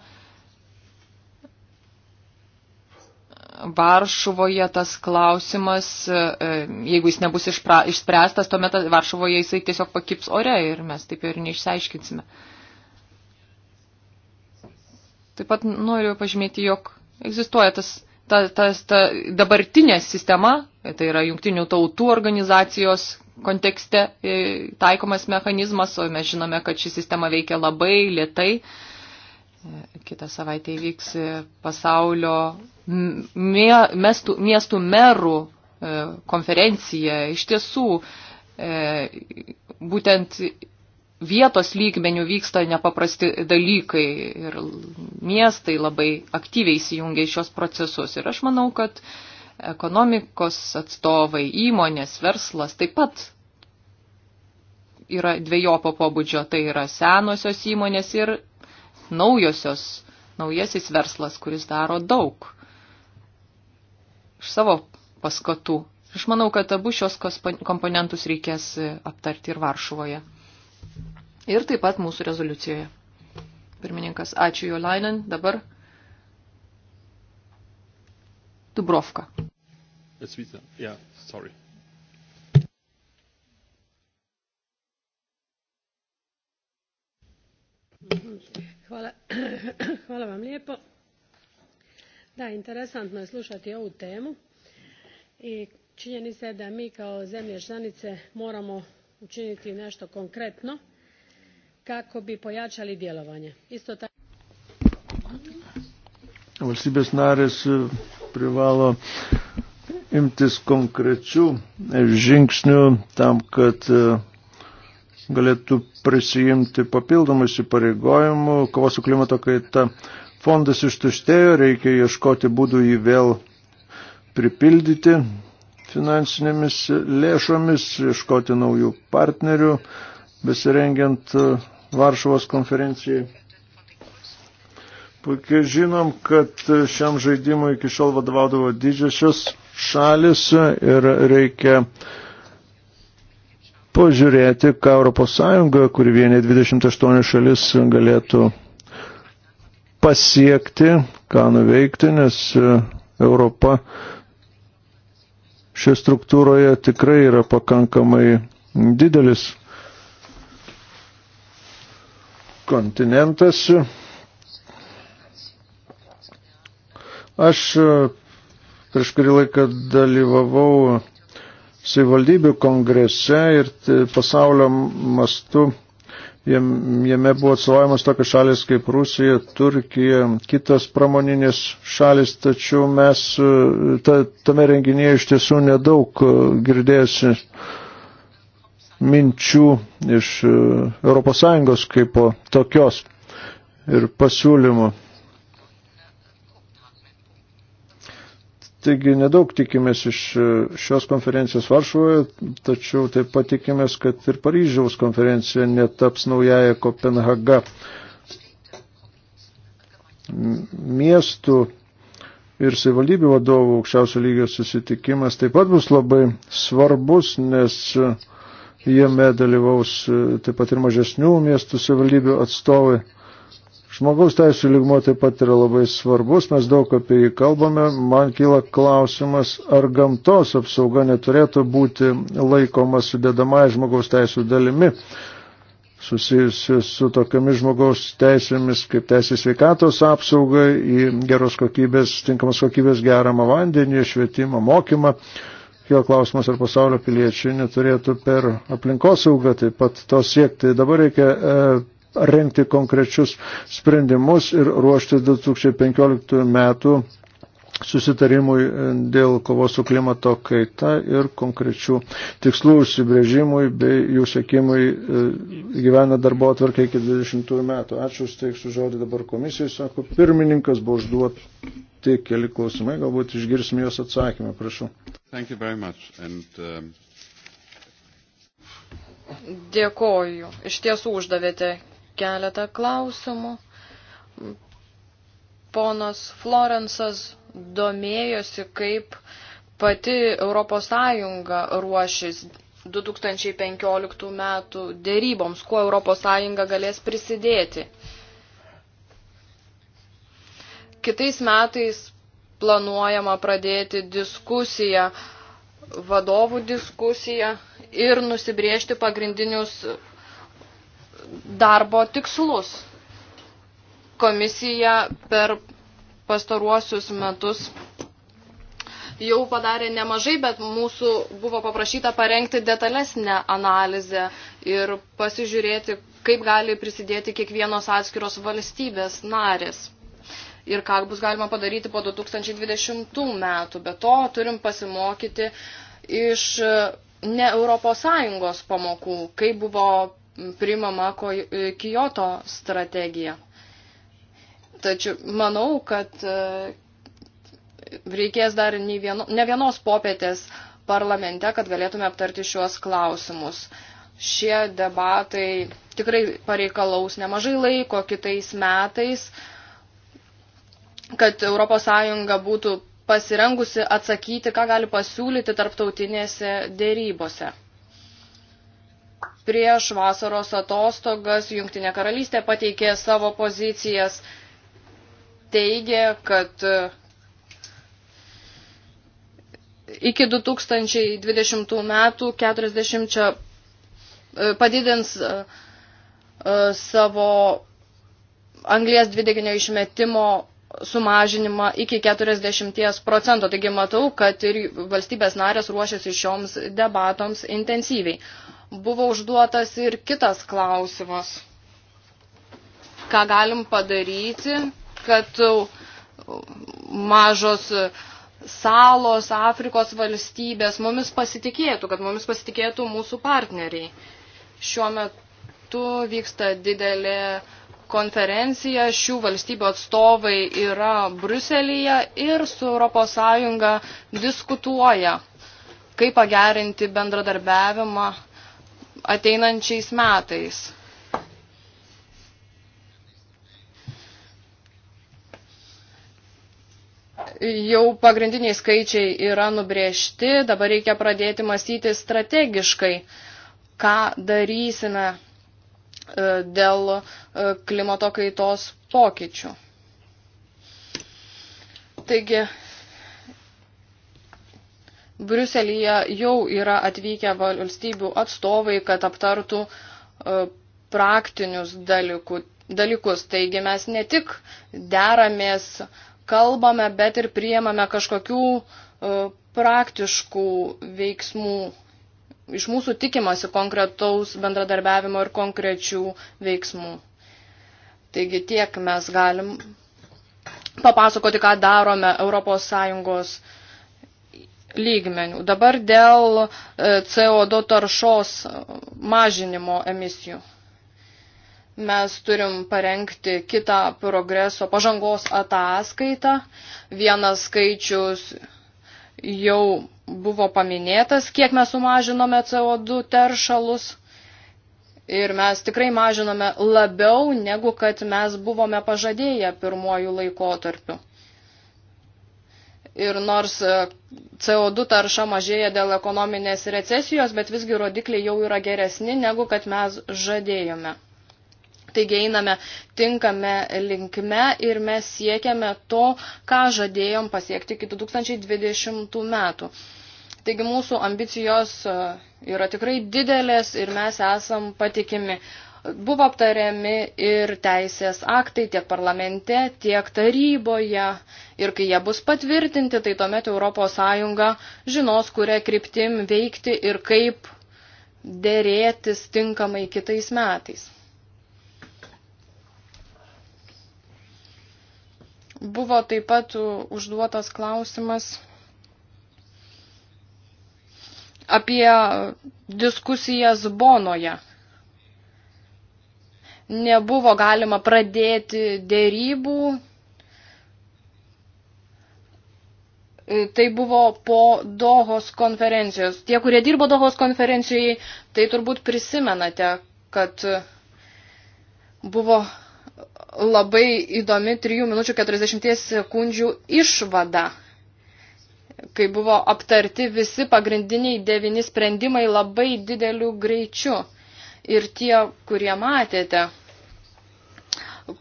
Varšuvoje tas klausimas, e, e, jeigu jis nebus išpra, išspręstas, tuomet Varšuvoje jisai tiesiog pakips ore ir mes taip ir neišsiaiškinsime. Taip pat noriu pažymėti, jog egzistuoja tas, ta, tas ta dabartinė sistema, tai yra jungtinių tautų organizacijos kontekste e, taikomas mechanizmas, o mes žinome, kad ši sistema veikia labai lietai. Kita savaitė įvyks pasaulio miestų, miestų merų e, konferencija iš tiesų e, būtent vietos lygmenių vyksta nepaprasti dalykai ir miestai labai aktyviai įsijungia į šios procesus. Ir aš manau, kad ekonomikos atstovai, įmonės, verslas taip pat yra dviejopo pobūdžio. Tai yra senosios įmonės ir naujosios, naujasis verslas, kuris daro daug iš savo paskatų. Aš manau, kad abu šios komponentus reikės e, aptarti ir Varšuvoje. Ir taip pat mūsų rezoliucijoje. Pirmininkas, ačiū Jolainen. Dabar Dubrovka. Yeah, sorry. Hvala, hvala vam lijepo. Da, interesantno je slušati ovu temu i činjenica je da mi kao zemlje članice moramo učiniti nešto konkretno kako bi pojačali djelovanje. Isto tako... Valstybės narės eh, privalo imtis konkrečių e, žingsnių tam, kad eh, galėtų prisijimti papildomų įsipareigojimų kovos su klimato kaita fondas ištuštėjo, reikia ieškoti būdų jį vėl pripildyti finansinėmis lėšomis, ieškoti naujų partnerių, besirengiant e, Varšuvos konferencijai. Puikiai žinom, kad e, šiam žaidimui iki šiol vadovaudavo didžiosios šalis ir reikia pažiūrėti, ką ES, kuri vienė 28 šalis, galėtų pasiekti, ką nuveikti, nes e, Europa šioje struktūroje tikrai yra pakankamai didelis kontinentas. Aš e, prieš kurį laiką dalyvavau savivaldybių kongrese ir pasaulio mastu Jame buvo atsovavimas tokios šalis kaip Rusija, Turkija, kitos pramoninės šalis, tačiau mes ta, tame renginėje iš tiesų nedaug e, girdėjusi minčių iš ES kaip tokios ir pasiūlymų. Taigi nedaug tikimės iš e, šios konferencijos Varšuvoje, tačiau taip pat tikimės, kad ir Paryžiaus konferencija netaps naujaja Kopenhaga miestų ir savivaldybių vadovų aukščiausio lygio susitikimas taip pat bus labai svarbus, nes e, jame dalyvaus e, taip pat ir mažesnių miestų savivaldybių atstovai. Žmogaus teisų lygmo taip pat yra labai svarbus, mes daug apie jį kalbame. Man kyla klausimas, ar gamtos apsauga neturėtų būti laikoma sudėdamąją žmogaus teisų dalimi, susijusi su tokiamis žmogaus teisėmis kaip teisės sveikatos apsauga, į geros kokybės, tinkamos kokybės geramą vandenį, švietimą, mokymą. Kėl klausimas, ar pasaulio piliečiai neturėtų per aplinkosaugą taip pat to siekti. Dabar reikia e, rengti konkrečius sprendimus ir ruoštis 2015 metų susitarimui dėl kovos su klimato kaita ir konkrečių tikslų užsibrėžimui bei jų sėkimui e, gyvena darbo atvarkė iki 20 metų. Ačiū, steiksiu žodį dabar komisijai, sako pirmininkas, buvo užduoti keli klausimai, galbūt išgirsime jos atsakymą, prašau. Thank you very much. And, um... Dėkoju. Iš tiesų uždavėte keletą klausimų. Ponas Florensas domėjosi, kaip pati ES ruošis 2015 metų dėryboms, kuo ES galės prisidėti. Kitais metais planuojama pradėti diskusiją, vadovų diskusiją ir nusibriežti pagrindinius darbo tikslus. Komisija per pastaruosius metus jau padarė nemažai, bet mūsų buvo paprašyta parengti detalesnę analizę ir pasižiūrėti, kaip gali prisidėti kiekvienos atskiros valstybės narės ir ką bus galima padaryti po 2020 metų. Be to turim pasimokyti iš ne Europos Sąjungos pamokų, kaip buvo primama e, Kyoto strategija. Tačiau manau, kad e, reikės dar ne, vieno, ne vienos popietės parlamente, kad galėtume aptarti šiuos klausimus. Šie debatai tikrai pareikalaus nemažai laiko kitais metais, kad ES būtų pasirengusi atsakyti, ką gali pasiūlyti tarptautinėse dėrybose prieš vasaros atostogas Jungtinė karalystė pateikė savo pozicijas, teigė, kad e, iki 2020 metų 40 e, padidins e, savo anglės dvideginio išmetimo sumažinimą iki 40 procentų. Taigi matau, kad ir valstybės narės ruošiasi šioms debatoms intensyviai buvo užduotas ir kitas klausimas. Ką galim padaryti, kad mažos salos, Afrikos valstybės mumis pasitikėtų, kad mumis pasitikėtų mūsų partneriai. Šiuo metu vyksta didelė konferencija, šių valstybių atstovai yra Bruselyje ir su ES diskutuoja, kaip pagerinti bendradarbiavimą ateinančiais metais. Jau pagrindiniai skaičiai yra nubrėžti, dabar reikia pradėti mąstyti strategiškai, ką darysime e, dėl e, klimato kaitos pokyčių. Taigi Briuselyje jau yra atvykę valstybių atstovai, kad aptartų e, praktinius dalykų, dalykus. Taigi mes ne tik deramės, kalbame, bet ir priemame kažkokių e, praktiškų veiksmų. Iš mūsų tikimasi konkretaus bendradarbiavimo ir konkrečių veiksmų. Taigi tiek mes galim papasakoti, ką darome ES lygmenių. Dabar dėl e, CO2 taršos mažinimo emisijų. Mes turim parengti kitą progreso pažangos ataskaitą. Vienas skaičius jau buvo paminėtas, kiek mes sumažinome CO2 teršalus. Ir mes tikrai mažinome labiau, negu kad mes buvome pažadėję pirmojų laikotarpių ir nors e, CO2 tarša mažėja dėl ekonominės recesijos, bet visgi rodikliai jau yra geresni negu kad mes žadėjome. Taigi einame tinkame linkme ir mes siekiame to, ką žadėjom pasiekti iki 2020 metų. Taigi mūsų ambicijos e, yra tikrai didelės ir mes esam patikimi. Buvo aptariami ir teisės aktai tiek parlamente, tiek taryboje. Ir kai jie bus patvirtinti, tai tuomet ES žinos, kuria kryptim veikti ir kaip dėrėtis tinkamai kitais metais. Buvo taip pat užduotas klausimas apie diskusijas Bonoje nebuvo galima pradėti dėrybų. Tai buvo po Dohos konferencijos. Tie, kurie dirbo Dohos konferencijai, tai turbūt prisimenate, kad buvo labai įdomi 3 minučių 40 sekundžių išvada, kai buvo aptarti visi pagrindiniai devini sprendimai labai dideliu greičiu. Ir tie, kurie matėte,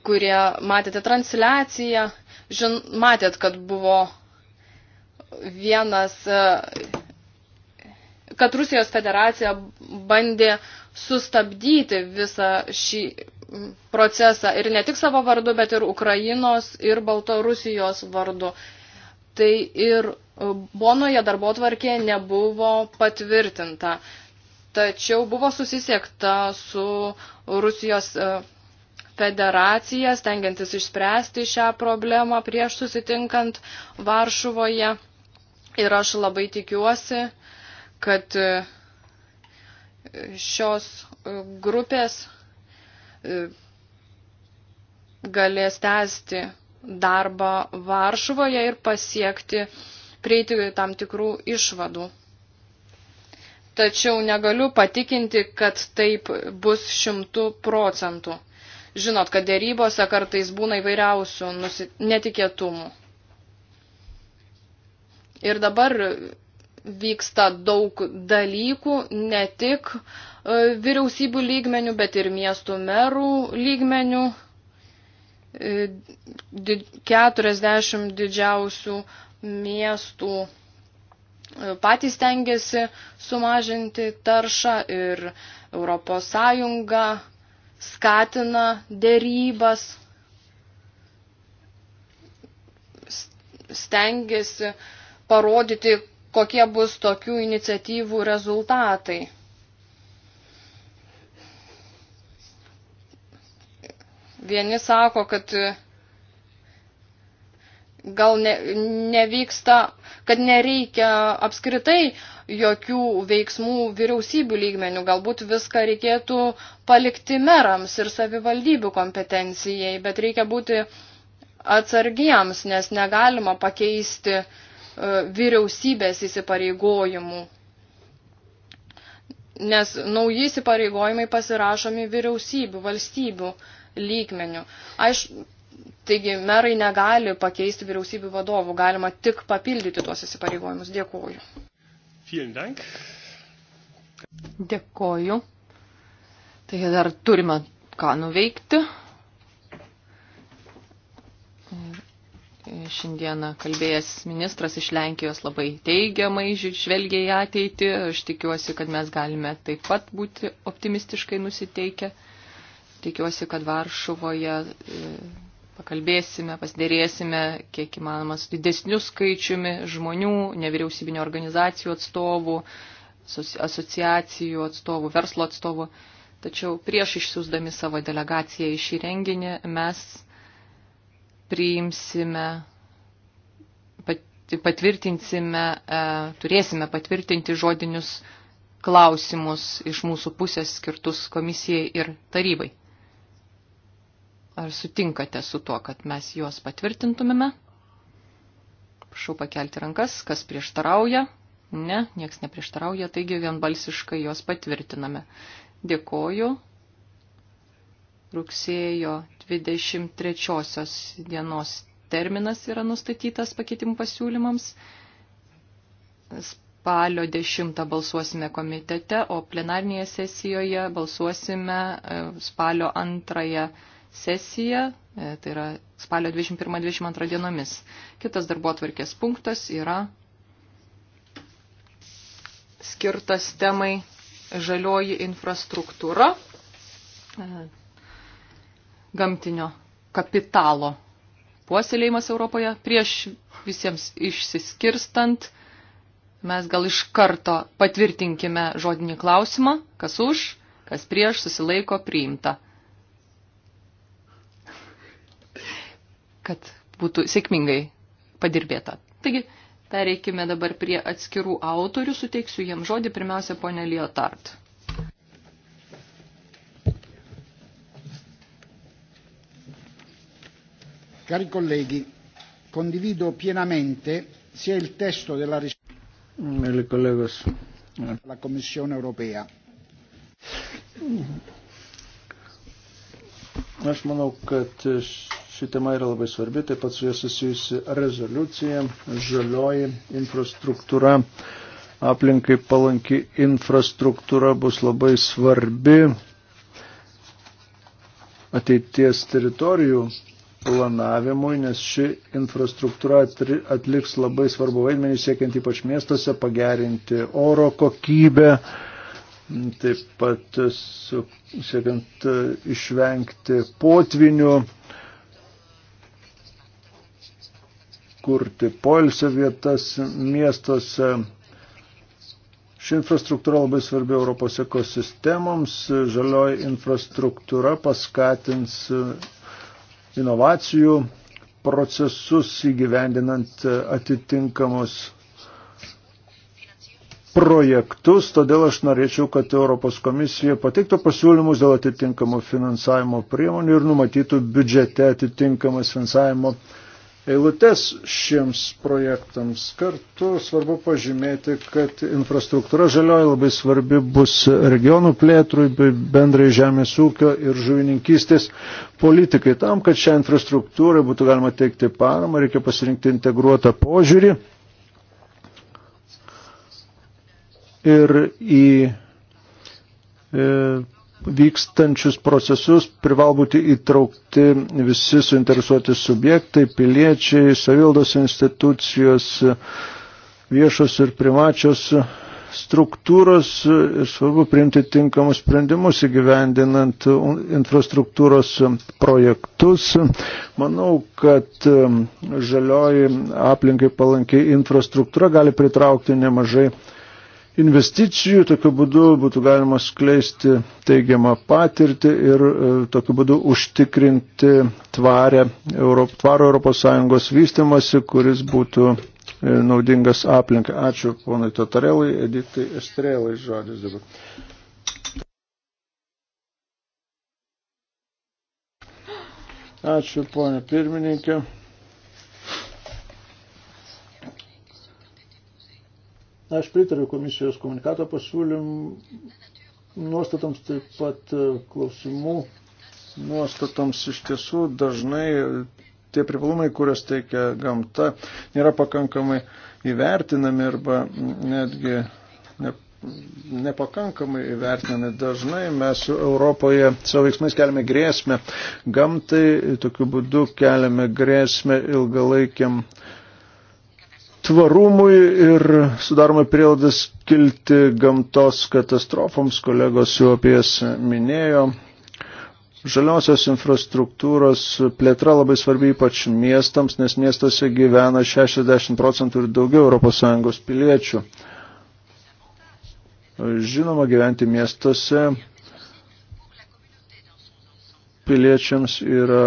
kurie matėte transliaciją, žin, matėt, kad buvo vienas, e, kad Rusijos federacija bandė sustabdyti visą šį procesą ir ne tik savo vardu, bet ir Ukrainos ir Baltarusijos vardu. Tai ir Bonoje darbo tvarkė nebuvo patvirtinta. Tačiau buvo susisiekta su Rusijos e, federacija, stengiantis išspręsti šią problemą prieš susitinkant Varšuvoje. Ir aš labai tikiuosi, kad e, šios e, grupės e, galės tęsti darbą Varšuvoje ir pasiekti, prieiti tam tikrų išvadų. Tačiau negaliu patikinti, kad taip bus šimtų procentų. Žinot, kad dėrybose kartais būna įvairiausių netikėtumų. Ir dabar vyksta daug dalykų, ne tik e, vyriausybių lygmenių, bet ir miestų merų lygmenių. 40 e, didžiausių miestų e, patys tengiasi sumažinti taršą ir Europos Sąjunga skatina dėrybas, stengiasi parodyti, kokie bus tokių iniciatyvų rezultatai. Vieni sako, kad gal ne, nevyksta, kad nereikia apskritai jokių veiksmų vyriausybių lygmenių. Galbūt viską reikėtų palikti merams ir savivaldybių kompetencijai, bet reikia būti atsargiems, nes negalima pakeisti e, vyriausybės įsipareigojimų. Nes nauji įsipareigojimai pasirašomi vyriausybių, valstybių lygmenių. Aišku, Taigi merai negali pakeisti vyriausybių vadovų, galima tik papildyti tuos įsipareigojimus. Dėkuoju. Dank. Dėkuoju. Taigi dar turime ką nuveikti. Šiandieną kalbėjęs ministras iš Lenkijos labai teigiamai žvelgia į ateitį. Aš tikiuosi, kad mes galime taip pat būti optimistiškai nusiteikę. Tikiuosi, kad Varšuvoje e, pakalbėsime, pasidėrėsime, kiek įmanoma, su didesniu skaičiumi žmonių, nevyriausybinio organizacijų atstovų, asociacijų atstovų, verslo atstovų. Tačiau prieš išsiųsdami savo delegaciją į šį renginį mes priimsime, patvirtinsime, e, turėsime patvirtinti žodinius klausimus iš mūsų pusės skirtus komisijai ir tarybai. Ar sutinkate su tuo, kad mes juos patvirtintumėme? Prašau pakelti rankas, kas prieštarauja. Ne, nieks neprieštarauja, taigi vienbalsiškai juos patvirtiname. Dėkoju. Rugsėjo 23 dienos terminas yra nustatytas pakeitimų pasiūlymams. Spalio 10 balsuosime komitete, o plenarnėje sesijoje balsuosime e, spalio 2 sesiją, e, tai yra spalio 21-22 dienomis. Kitas darbo atvarkės punktas yra skirtas temai žalioji infrastruktūra e, gamtinio kapitalo puoselėjimas Europoje. Prieš visiems išsiskirstant mes gal iš karto patvirtinkime žodinį klausimą, kas už, kas prieš susilaiko priimta. kad būtų sėkmingai padirbėta. Taigi, pereikime dabar prie atskirų autorių, suteiksiu jam žodį, pirmiausia, ponė Liotart. Cari colleghi, condivido pienamente sia il testo della risoluzione della Commissione europea. Aš manau, kad Ši tema yra labai svarbi, taip pat su jie susijusi rezoliucija, žalioji infrastruktūra, aplinkai palanki infrastruktūra bus labai svarbi ateities teritorijų planavimui, nes ši infrastruktūra atliks labai svarbu vaidmenį, siekiant ypač miestuose pagerinti oro kokybę, taip pat siekiant e, išvengti potvinių kurti poilsio vietas miestuose. Ši infrastruktūra labai svarbi Europos ekosistemoms. Žalioji infrastruktūra paskatins inovacijų procesus įgyvendinant atitinkamos projektus, todėl aš norėčiau, kad Europos komisija pateiktų pasiūlymus dėl atitinkamų finansavimo priemonių ir numatytų biudžete atitinkamas finansavimo priemonės eilutes šiems projektams. Kartu svarbu pažymėti, kad infrastruktūra žalioji labai svarbi bus regionų plėtrui bei bendrai žemės ūkio ir žuvininkystės politikai. Tam, kad šią infrastruktūrą būtų galima teikti paramą, reikia pasirinkti integruotą požiūrį ir į e, vykstančius procesus privalo būti įtraukti visi suinteresuoti subjektai, piliečiai, savildos institucijos, viešos ir privačios struktūros ir svarbu priimti tinkamus sprendimus įgyvendinant infrastruktūros projektus. Manau, kad um, žalioji aplinkai palankiai infrastruktūra gali pritraukti nemažai investicijų, tokiu būdu būtų galima skleisti teigiamą patirtį ir e, tokiu būdu užtikrinti tvarę, Europ, tvaro ES vystimasi, kuris būtų e, naudingas aplinkai. Ačiū ponai Tatarelai, Editai Estrelai žodis dabar. Ačiū ponė pirmininkė. Aš pritariu komisijos komunikato pasiūlym nuostatams, taip pat e, klausimų nuostatams iš tiesų dažnai e, tie privalumai, kurias teikia gamta, nėra pakankamai įvertinami arba netgi ne, nepakankamai įvertinami. Dažnai mes Europoje savo veiksmais keliame grėsmę gamtai, tokiu būdu keliame grėsmę ilgalaikiam tvarumui ir sudarome prielaidas kilti gamtos katastrofoms, kolegos jau apie jas minėjo. Žaliosios infrastruktūros plėtra labai svarbi ypač miestams, nes miestuose gyvena 60 procentų ir daugiau ES piliečių. Žinoma, gyventi miestuose piliečiams yra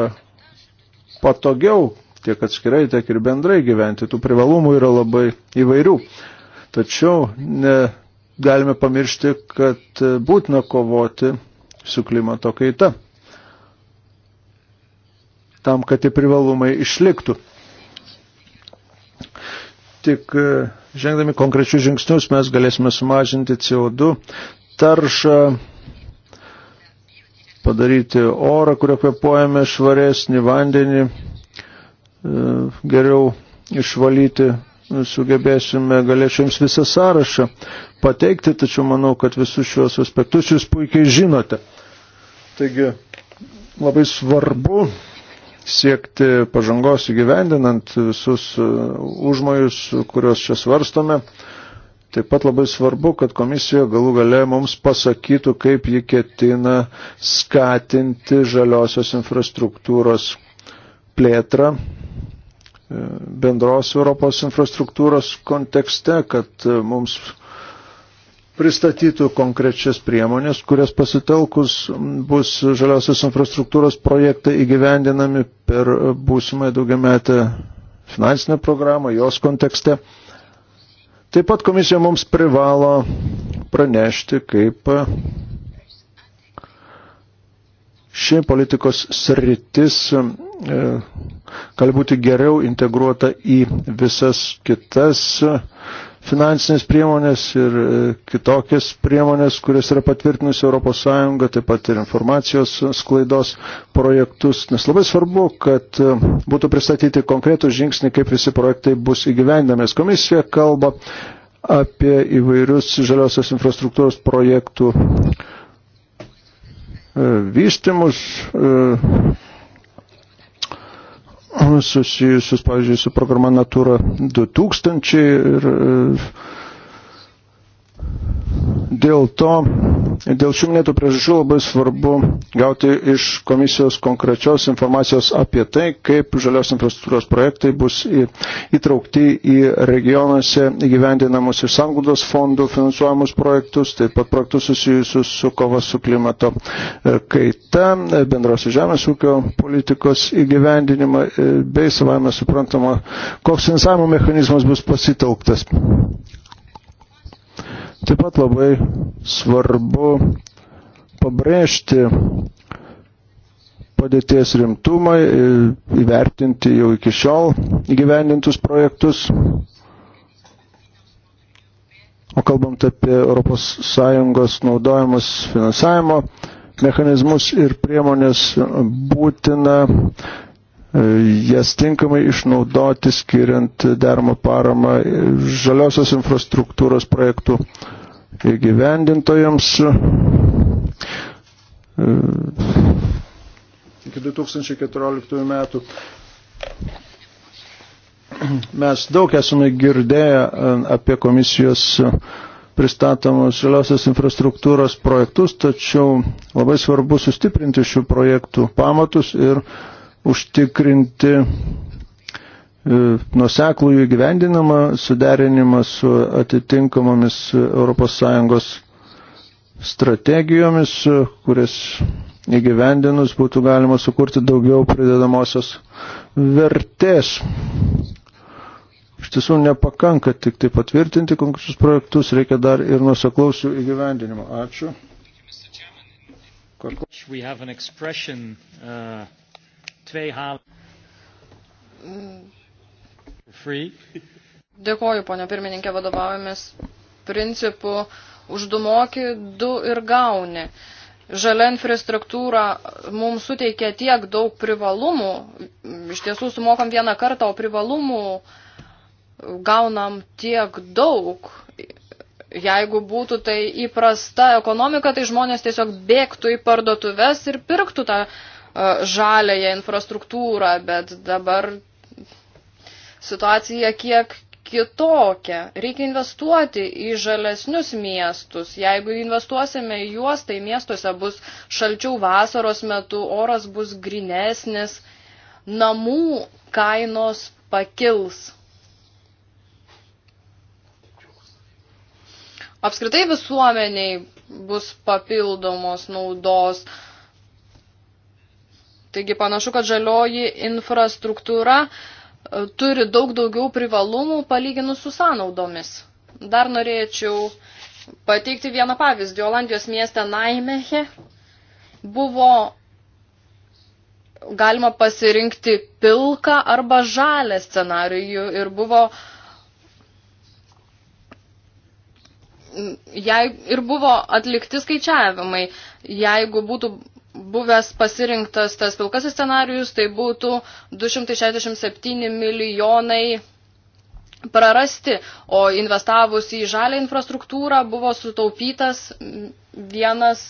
patogiau, tiek atskirai, tiek ir bendrai gyventi. Tų privalumų yra labai įvairių. Tačiau ne, galime pamiršti, kad būtina kovoti su klimato kaita. Tam, kad tie privalumai išliktų. Tik žengdami konkrečius žingsnius mes galėsime sumažinti CO2 taršą, padaryti orą, kurio kvepuojame, švaresnį vandenį, E, geriau išvalyti sugebėsime, galėčiau jums visą sąrašą pateikti, tačiau manau, kad visus šios aspektus jūs puikiai žinote. Taigi labai svarbu siekti pažangos įgyvendinant visus e, užmojus, kuriuos čia svarstome. Taip pat labai svarbu, kad komisija galų gale mums pasakytų, kaip ji ketina skatinti žaliosios infrastruktūros plėtrą E, bendros Europos infrastruktūros kontekste, kad e, mums pristatytų konkrečias priemonės, kurias pasitelkus bus žaliosios infrastruktūros projektai įgyvendinami per būsimą daugiametę finansinę programą, jos kontekste. Taip pat komisija mums privalo pranešti, kaip ši politikos sritis e, gali būti geriau integruota į visas kitas finansinės priemonės ir e, kitokias priemonės, kurias yra patvirtinusi ES, taip pat ir informacijos sklaidos projektus. Nes labai svarbu, kad e, būtų pristatyti konkretų žingsnį, kaip visi projektai bus įgyvendamės. Komisija kalba apie įvairius žaliosios infrastruktūros projektų E, vystimus e, susijusius, pavyzdžiui, su programa Natura 2000 ir e, Dėl to, dėl šių minėtų priežasčių labai svarbu gauti iš komisijos konkrečios informacijos apie tai, kaip žalios infrastruktūros projektai bus į, įtraukti į regionuose įgyvendinamus iš sanglaudos fondų finansuojamus projektus, taip pat projektus susijusius su kova su klimato e, kaita, e, bendrosios žemės ūkio politikos įgyvendinimą e, bei savame suprantama, koks finansavimo mechanizmas bus pasitauktas. Taip pat labai svarbu pabrėžti padėties rimtumą, įvertinti jau iki šiol įgyvendintus projektus. O kalbant apie ES naudojimus finansavimo mechanizmus ir priemonės, būtina e, jas tinkamai išnaudoti, skiriant dermą paramą žaliosios infrastruktūros projektų įgyvendintojams. Iki 2014 metų mes daug esame girdėję um, apie komisijos pristatomos žaliosios infrastruktūros projektus, tačiau labai svarbu sustiprinti šių projektų pamatus ir užtikrinti E, nuseklų jų gyvendinimą, suderinimą su atitinkamomis ES strategijomis, kurias įgyvendinus būtų galima sukurti daugiau pridedamosios vertės. Iš tiesų nepakanka tik tai patvirtinti konkrečius projektus, reikia dar ir nusaklausių įgyvendinimo. Ačiū. We have an expression, uh, twee halen mm free. Dėkoju, ponio pirmininkė, vadovaujamės principu uždumoki du ir gauni. Žalia infrastruktūra mums suteikia tiek daug privalumų, iš tiesų sumokam vieną kartą, o privalumų gaunam tiek daug. Jeigu būtų tai įprasta ekonomika, tai žmonės tiesiog bėgtų į parduotuves ir pirktų tą e, žalėją infrastruktūrą, bet dabar situacija kiek kitokia. Reikia investuoti į žalesnius miestus. Jeigu investuosime į juos, tai miestuose bus šalčiau vasaros metu, oras bus grinesnis, namų kainos pakils. Apskritai visuomeniai bus papildomos naudos. Taigi panašu, kad žalioji infrastruktūra uh, turi daug daugiau privalumų palyginus su sąnaudomis. Dar norėčiau pateikti vieną pavyzdį. Olandijos mieste Naimehe buvo galima pasirinkti pilką arba žalę scenarijų ir buvo jei, ir buvo atlikti skaičiavimai. Jeigu būtų buvęs pasirinktas tas pilkasis scenarius, tai būtų 267 milijonai prarasti, o investavus į žalę infrastruktūrą buvo sutaupytas vienas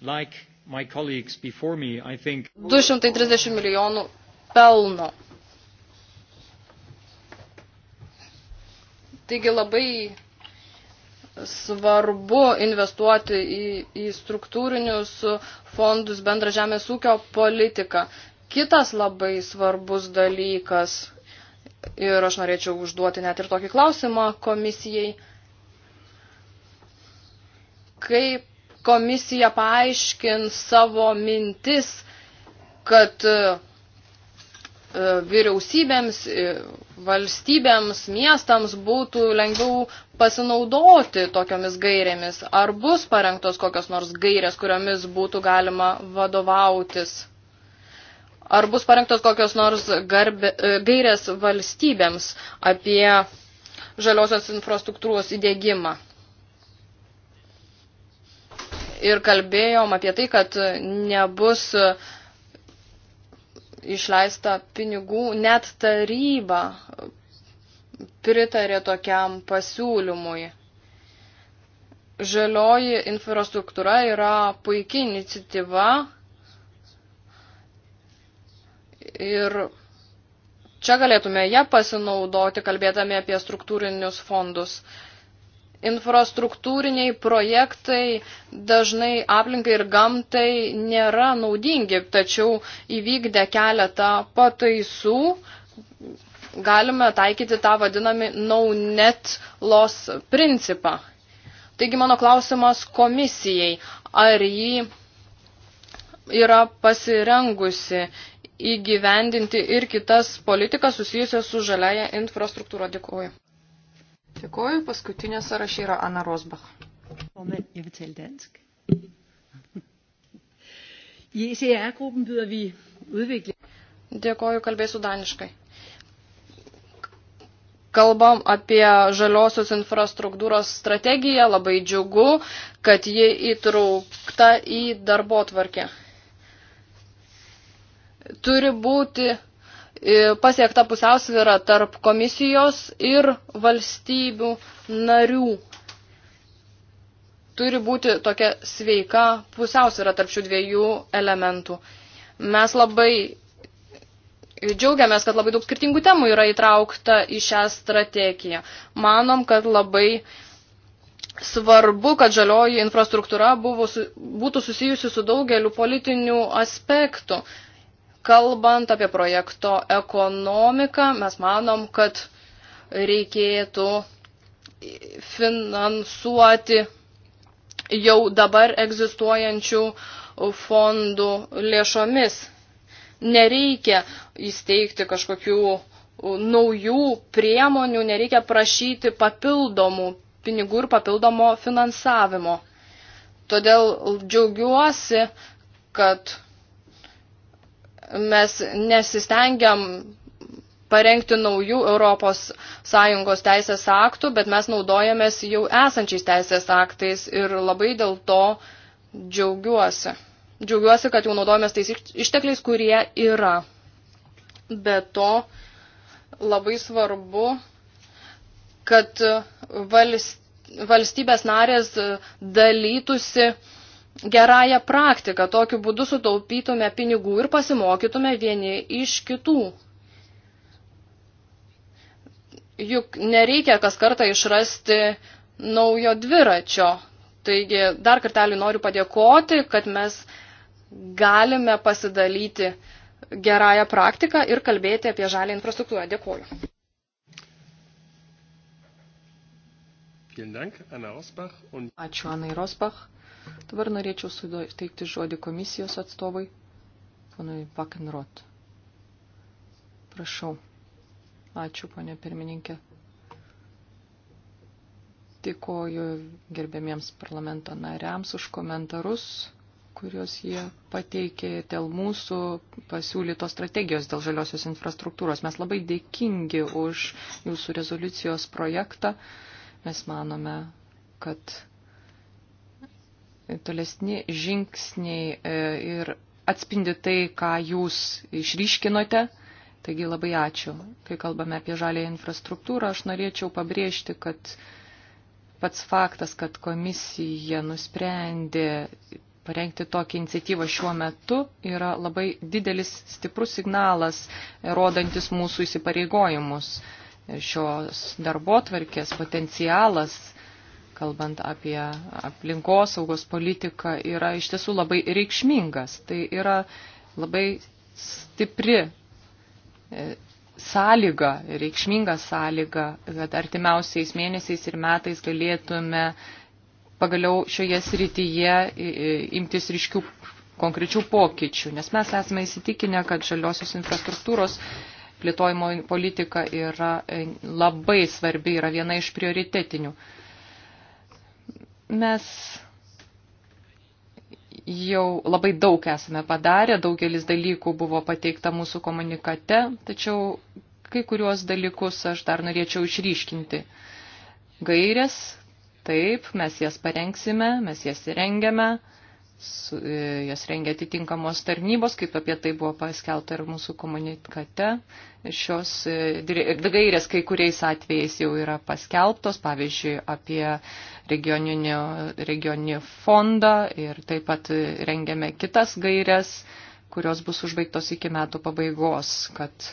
like me, think... 230 milijonų pelno. Taigi labai svarbu investuoti į, į struktūrinius fondus bendrą žemės ūkio politiką. Kitas labai svarbus dalykas, ir aš norėčiau užduoti net ir tokį klausimą komisijai, kaip komisija paaiškins savo mintis, kad vyriausybėms, e, valstybėms, miestams būtų lengviau pasinaudoti tokiomis gairėmis? Ar bus parengtos kokios nors gairės, kuriomis būtų galima vadovautis? Ar bus parengtos kokios nors garbė, e, gairės valstybėms apie žaliosios infrastruktūros įdėgymą? Ir kalbėjom apie tai, kad nebus uh, išleista pinigų, net taryba pritarė tokiam pasiūlymui. Žalioji infrastruktūra yra puikiai iniciatyva ir čia galėtume ją pasinaudoti, kalbėdami apie struktūrinius fondus infrastruktūriniai projektai dažnai aplinkai ir gamtai nėra naudingi, tačiau įvykdę keletą pataisų galime taikyti tą vadinami no net loss principą. Taigi mano klausimas komisijai, ar jį yra pasirengusi įgyvendinti ir kitas politikas susijusios su žaliaja infrastruktūra. Dėkuoju. Dėkuoju, paskutinė sąrašė yra Ana Rosbach. Formand, jeg vil tale dansk. I ECR-gruppen byder vi udvikling. Dėkoju, kalbėsiu daniškai. Kalbam apie žaliosios infrastruktūros strategiją, labai džiugu, kad ji įtraukta į darbo tvarkę. Turi būti E, pasiekta pusiausvyrą tarp komisijos ir valstybių narių. Turi būti tokia sveika pusiausvyrą tarp šių dviejų elementų. Mes labai džiaugiamės, kad labai daug skirtingų temų yra įtraukta į šią strategiją. Manom, kad labai svarbu, kad žalioji infrastruktūra buvo, būtų susijusi su daugeliu politinių aspektų. Kalbant apie projekto ekonomiką, mes manom, kad reikėtų finansuoti jau dabar egzistuojančių fondų lėšomis. Nereikia įsteigti kažkokių naujų priemonių, nereikia prašyti papildomų pinigų ir papildomo finansavimo. Todėl džiaugiuosi, kad mes nesistengiam parengti naujų ES teisės aktų, bet mes naudojamės jau esančiais teisės aktais ir labai dėl to džiaugiuosi. Džiaugiuosi, kad jau naudojamės tais ištekliais, kurie yra. Be to labai svarbu, kad valstybės narės dalytųsi uh, gerąją praktiką. Tokiu būdu sutaupytume pinigų ir pasimokytume vieni iš kitų. Juk nereikia kas kartą išrasti naujo dviračio. Taigi dar kartelį noriu padėkoti, kad mes galime pasidalyti gerąją praktiką ir kalbėti apie žalį infrastruktūrą. Dėkuoju. Ačiū Anai Rosbach. Dabar norėčiau suteikti žodį komisijos atstovui, ponui Vakenrot. Prašau. Ačiū, ponė pirmininkė. Dėkoju gerbėmiems parlamento nariams už komentarus, kuriuos jie pateikė dėl mūsų pasiūlytos strategijos dėl žaliosios infrastruktūros. Mes labai dėkingi už jūsų rezoliucijos projektą. Mes manome, kad tolesni žingsniai e, ir atspindi tai, ką jūs išryškinote. Taigi labai ačiū. Kai kalbame apie žalę infrastruktūrą, aš norėčiau pabrėžti, kad pats faktas, kad komisija nusprendė parengti tokią iniciatyvą šiuo metu, yra labai didelis, stiprus signalas, e, rodantis mūsų įsipareigojimus. E, šios darbo tvarkės potencialas kalbant apie aplinkosaugos politiką, yra iš tiesų labai reikšmingas. Tai yra labai stipri e, sąlyga, reikšminga sąlyga, kad artimiausiais mėnesiais ir metais galėtume pagaliau šioje srityje imtis ryškių konkrečių pokyčių, nes mes esame įsitikinę, kad žaliosios infrastruktūros plėtojimo politika yra e, labai svarbi, yra viena iš prioritetinių Mes jau labai daug esame padarę, daugelis dalykų buvo pateikta mūsų komunikate, tačiau kai kuriuos dalykus aš dar norėčiau išryškinti. Gairės, taip, mes jas parengsime, mes jas įrengiame, su, e, jas rengia atitinkamos tarnybos, kaip apie tai buvo paskelta ir mūsų komunikate. Šios e, gairės kai kuriais atvejais jau yra paskelbtos, pavyzdžiui, apie regioninį, regioninį fondą ir taip pat rengiame kitas gairės, kurios bus užbaigtos iki metų pabaigos, kad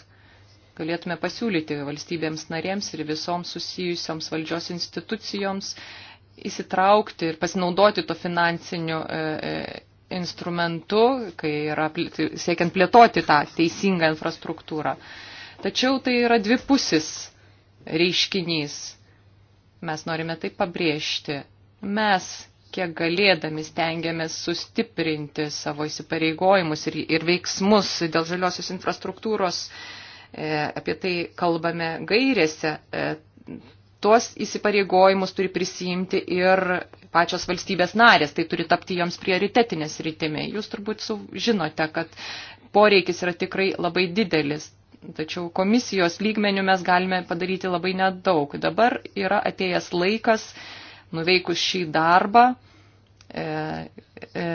galėtume pasiūlyti valstybėms narėms ir visoms susijusioms valdžios institucijoms įsitraukti ir pasinaudoti to finansiniu e, e, instrumentu, kai yra tai siekiant plėtoti tą teisingą infrastruktūrą. Tačiau tai yra dvipusis reiškinys. Mes norime tai pabrėžti. Mes, kiek galėdami, stengiamės sustiprinti savo įsipareigojimus ir, ir veiksmus dėl žaliosios infrastruktūros. E, apie tai kalbame gairėse. E, tuos įsipareigojimus turi prisijimti ir pačios valstybės narės, tai turi tapti joms prioritetinės rytimi. Jūs turbūt žinote, kad poreikis yra tikrai labai didelis. Tačiau komisijos lygmenių mes galime padaryti labai nedaug. Dabar yra atėjęs laikas, nuveikus šį darbą, e, e,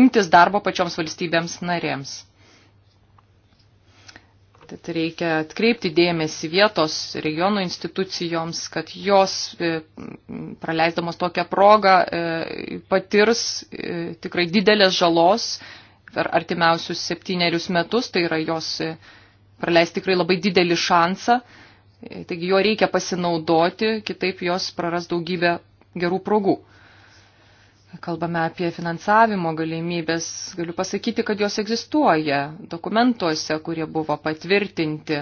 imtis darbo pačioms valstybėms narėms. Tad reikia atkreipti dėmesį vietos regionų institucijoms, kad jos e, praleisdamos tokią progą e, patirs e, tikrai didelės žalos per artimiausius septynerius metus, tai yra jos praleis tikrai labai didelį šansą, taigi jo reikia pasinaudoti, kitaip jos praras daugybę gerų progų kalbame apie finansavimo galimybės, galiu pasakyti, kad jos egzistuoja dokumentuose, kurie buvo patvirtinti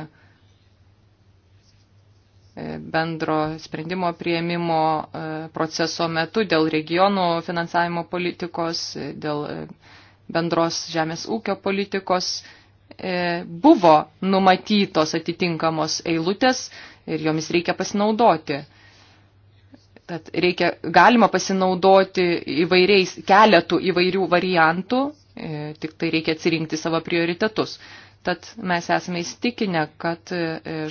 e, bendro sprendimo prieimimo e, proceso metu dėl regionų finansavimo politikos, e, dėl bendros žemės ūkio politikos buvo numatytos atitinkamos eilutės ir jomis reikia pasinaudoti. Tad reikia, galima pasinaudoti įvairiais, keletų įvairių variantų, e, tik tai reikia atsirinkti savo prioritetus. Tad mes esame įstikinę, kad e,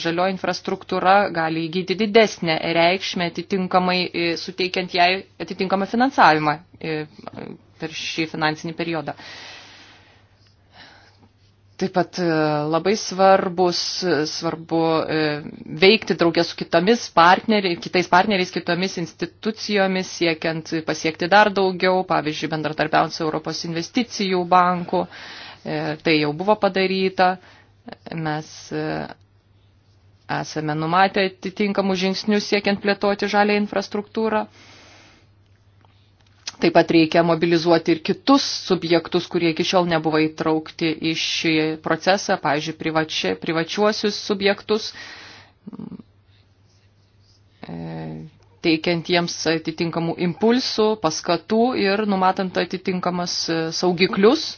žalio infrastruktūra gali įgyti didesnę reikšmę atitinkamai e, suteikiant jai atitinkamą finansavimą per šį finansinį periodą. Taip pat e, labai svarbus, e, svarbu e, veikti draugės su kitomis partneriais, kitais partneriais, kitomis institucijomis, siekiant pasiekti dar daugiau, pavyzdžiui, bendratarpiaujant su Europos investicijų banku. Tai jau buvo padaryta. Mes esame numatę atitinkamų žingsnių siekiant plėtoti žalę infrastruktūrą. Taip pat reikia mobilizuoti ir kitus subjektus, kurie iki šiol nebuvo įtraukti į šį procesą, pavyzdžiui, privači, privačiuosius subjektus, e, teikiant jiems atitinkamų impulsų, paskatų ir numatant atitinkamas e, saugiklius.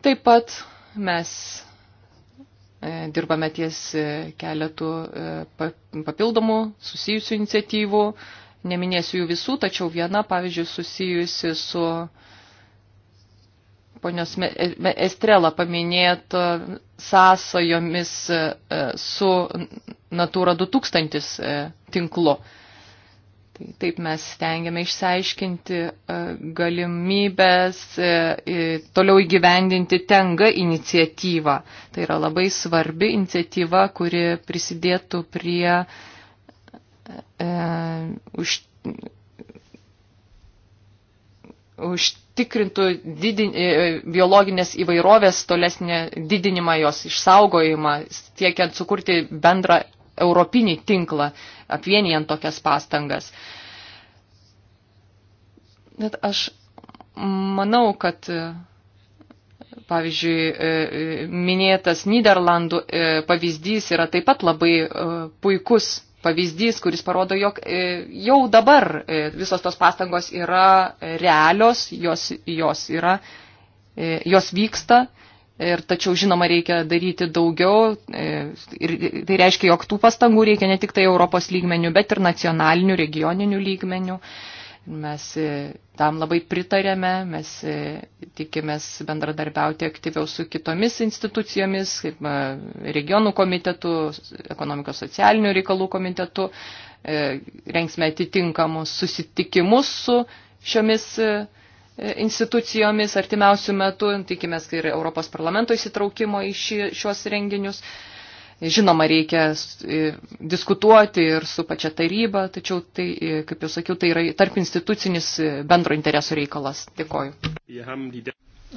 Taip pat mes e, dirbame ties keletų papildomų susijusių iniciatyvų Neminėsiu jų visų, tačiau viena, pavyzdžiui, susijusi su ponios e- Estrela paminėto sąsojomis e, su Natura 2000 e, tinklu. Tai taip mes stengiame išsiaiškinti galimybės toliau įgyvendinti tenga iniciatyvą. Tai yra labai svarbi iniciatyva, kuri prisidėtų prie uh, E, už, užtikrintų didin, e, biologinės įvairovės tolesnį didinimą, jos išsaugojimą, siekiant sukurti bendrą europinį tinklą, apvienijant tokias pastangas. Bet aš manau, kad e, pavyzdžiui minėtas Niderlandų pavyzdys yra taip pat labai puikus pavyzdys, kuris parodo, jog e, jau dabar e, visos tos pastangos yra e, realios, jos, jos, yra, jos vyksta. Ir tačiau, žinoma, reikia daryti daugiau. Ir tai reiškia, jog tų pastangų reikia ne tik tai Europos lygmenių, bet ir nacionalinių, regioninių lygmenių. Mes e, tam labai pritarėme, mes e, tikimės bendradarbiauti aktyviau su kitomis institucijomis, kaip e, regionų komitetu, ekonomikos socialinių reikalų komitetu. Rengsime atitinkamus susitikimus su šiomis institucijomis artimiausių metų, tikimės ir Europos parlamento įsitraukimo į ši, šios renginius. Žinoma, reikia diskutuoti ir su pačia taryba, tačiau tai, kaip jau sakiau, tai yra tarp institucinis bendro interesų reikalas. Dėkoju.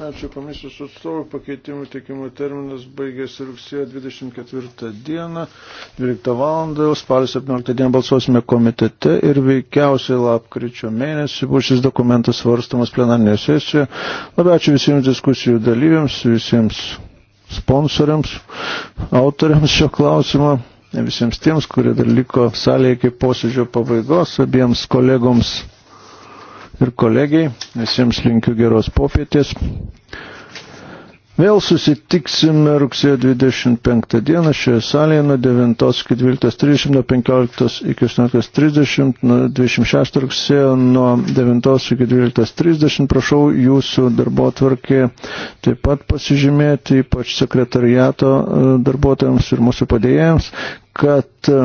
Ačiū komisijos atstovų. Pakeitimų teikimo terminas baigėsi rugsėjo 24 dieną, 12 val. Spalio 17 dieną balsuosime komitete ir veikiausiai lapkričio mėnesį bus šis dokumentas svarstamas plenarinėje sesijoje. Labai ačiū visiems diskusijų dalyviams, visiems sponsoriams, autoriams šio klausimo, visiems tiems, kurie dar liko salėje iki posėdžio pabaigos, abiems kolegoms ir kolegiai, visiems linkiu geros popietės. Vėl susitiksime rugsėjo 25 dieną šioje salėje nuo 9 iki 12.30, nuo 15 iki 18.30, nuo 26 rugsėjo nuo 9 iki 12.30. Prašau jūsų darbotvarkė taip pat pasižymėti, ypač sekretariato e, darbuotojams ir mūsų padėjėjams, kad e,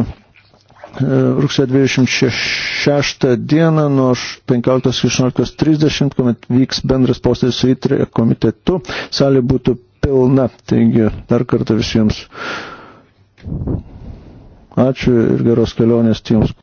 E, rugsėjo 26 dieną nuo 15.16.30, kuomet vyks bendras posėdis su įtrė komitetu, salė būtų pilna. Taigi dar kartą visiems ačiū ir geros kelionės tiems.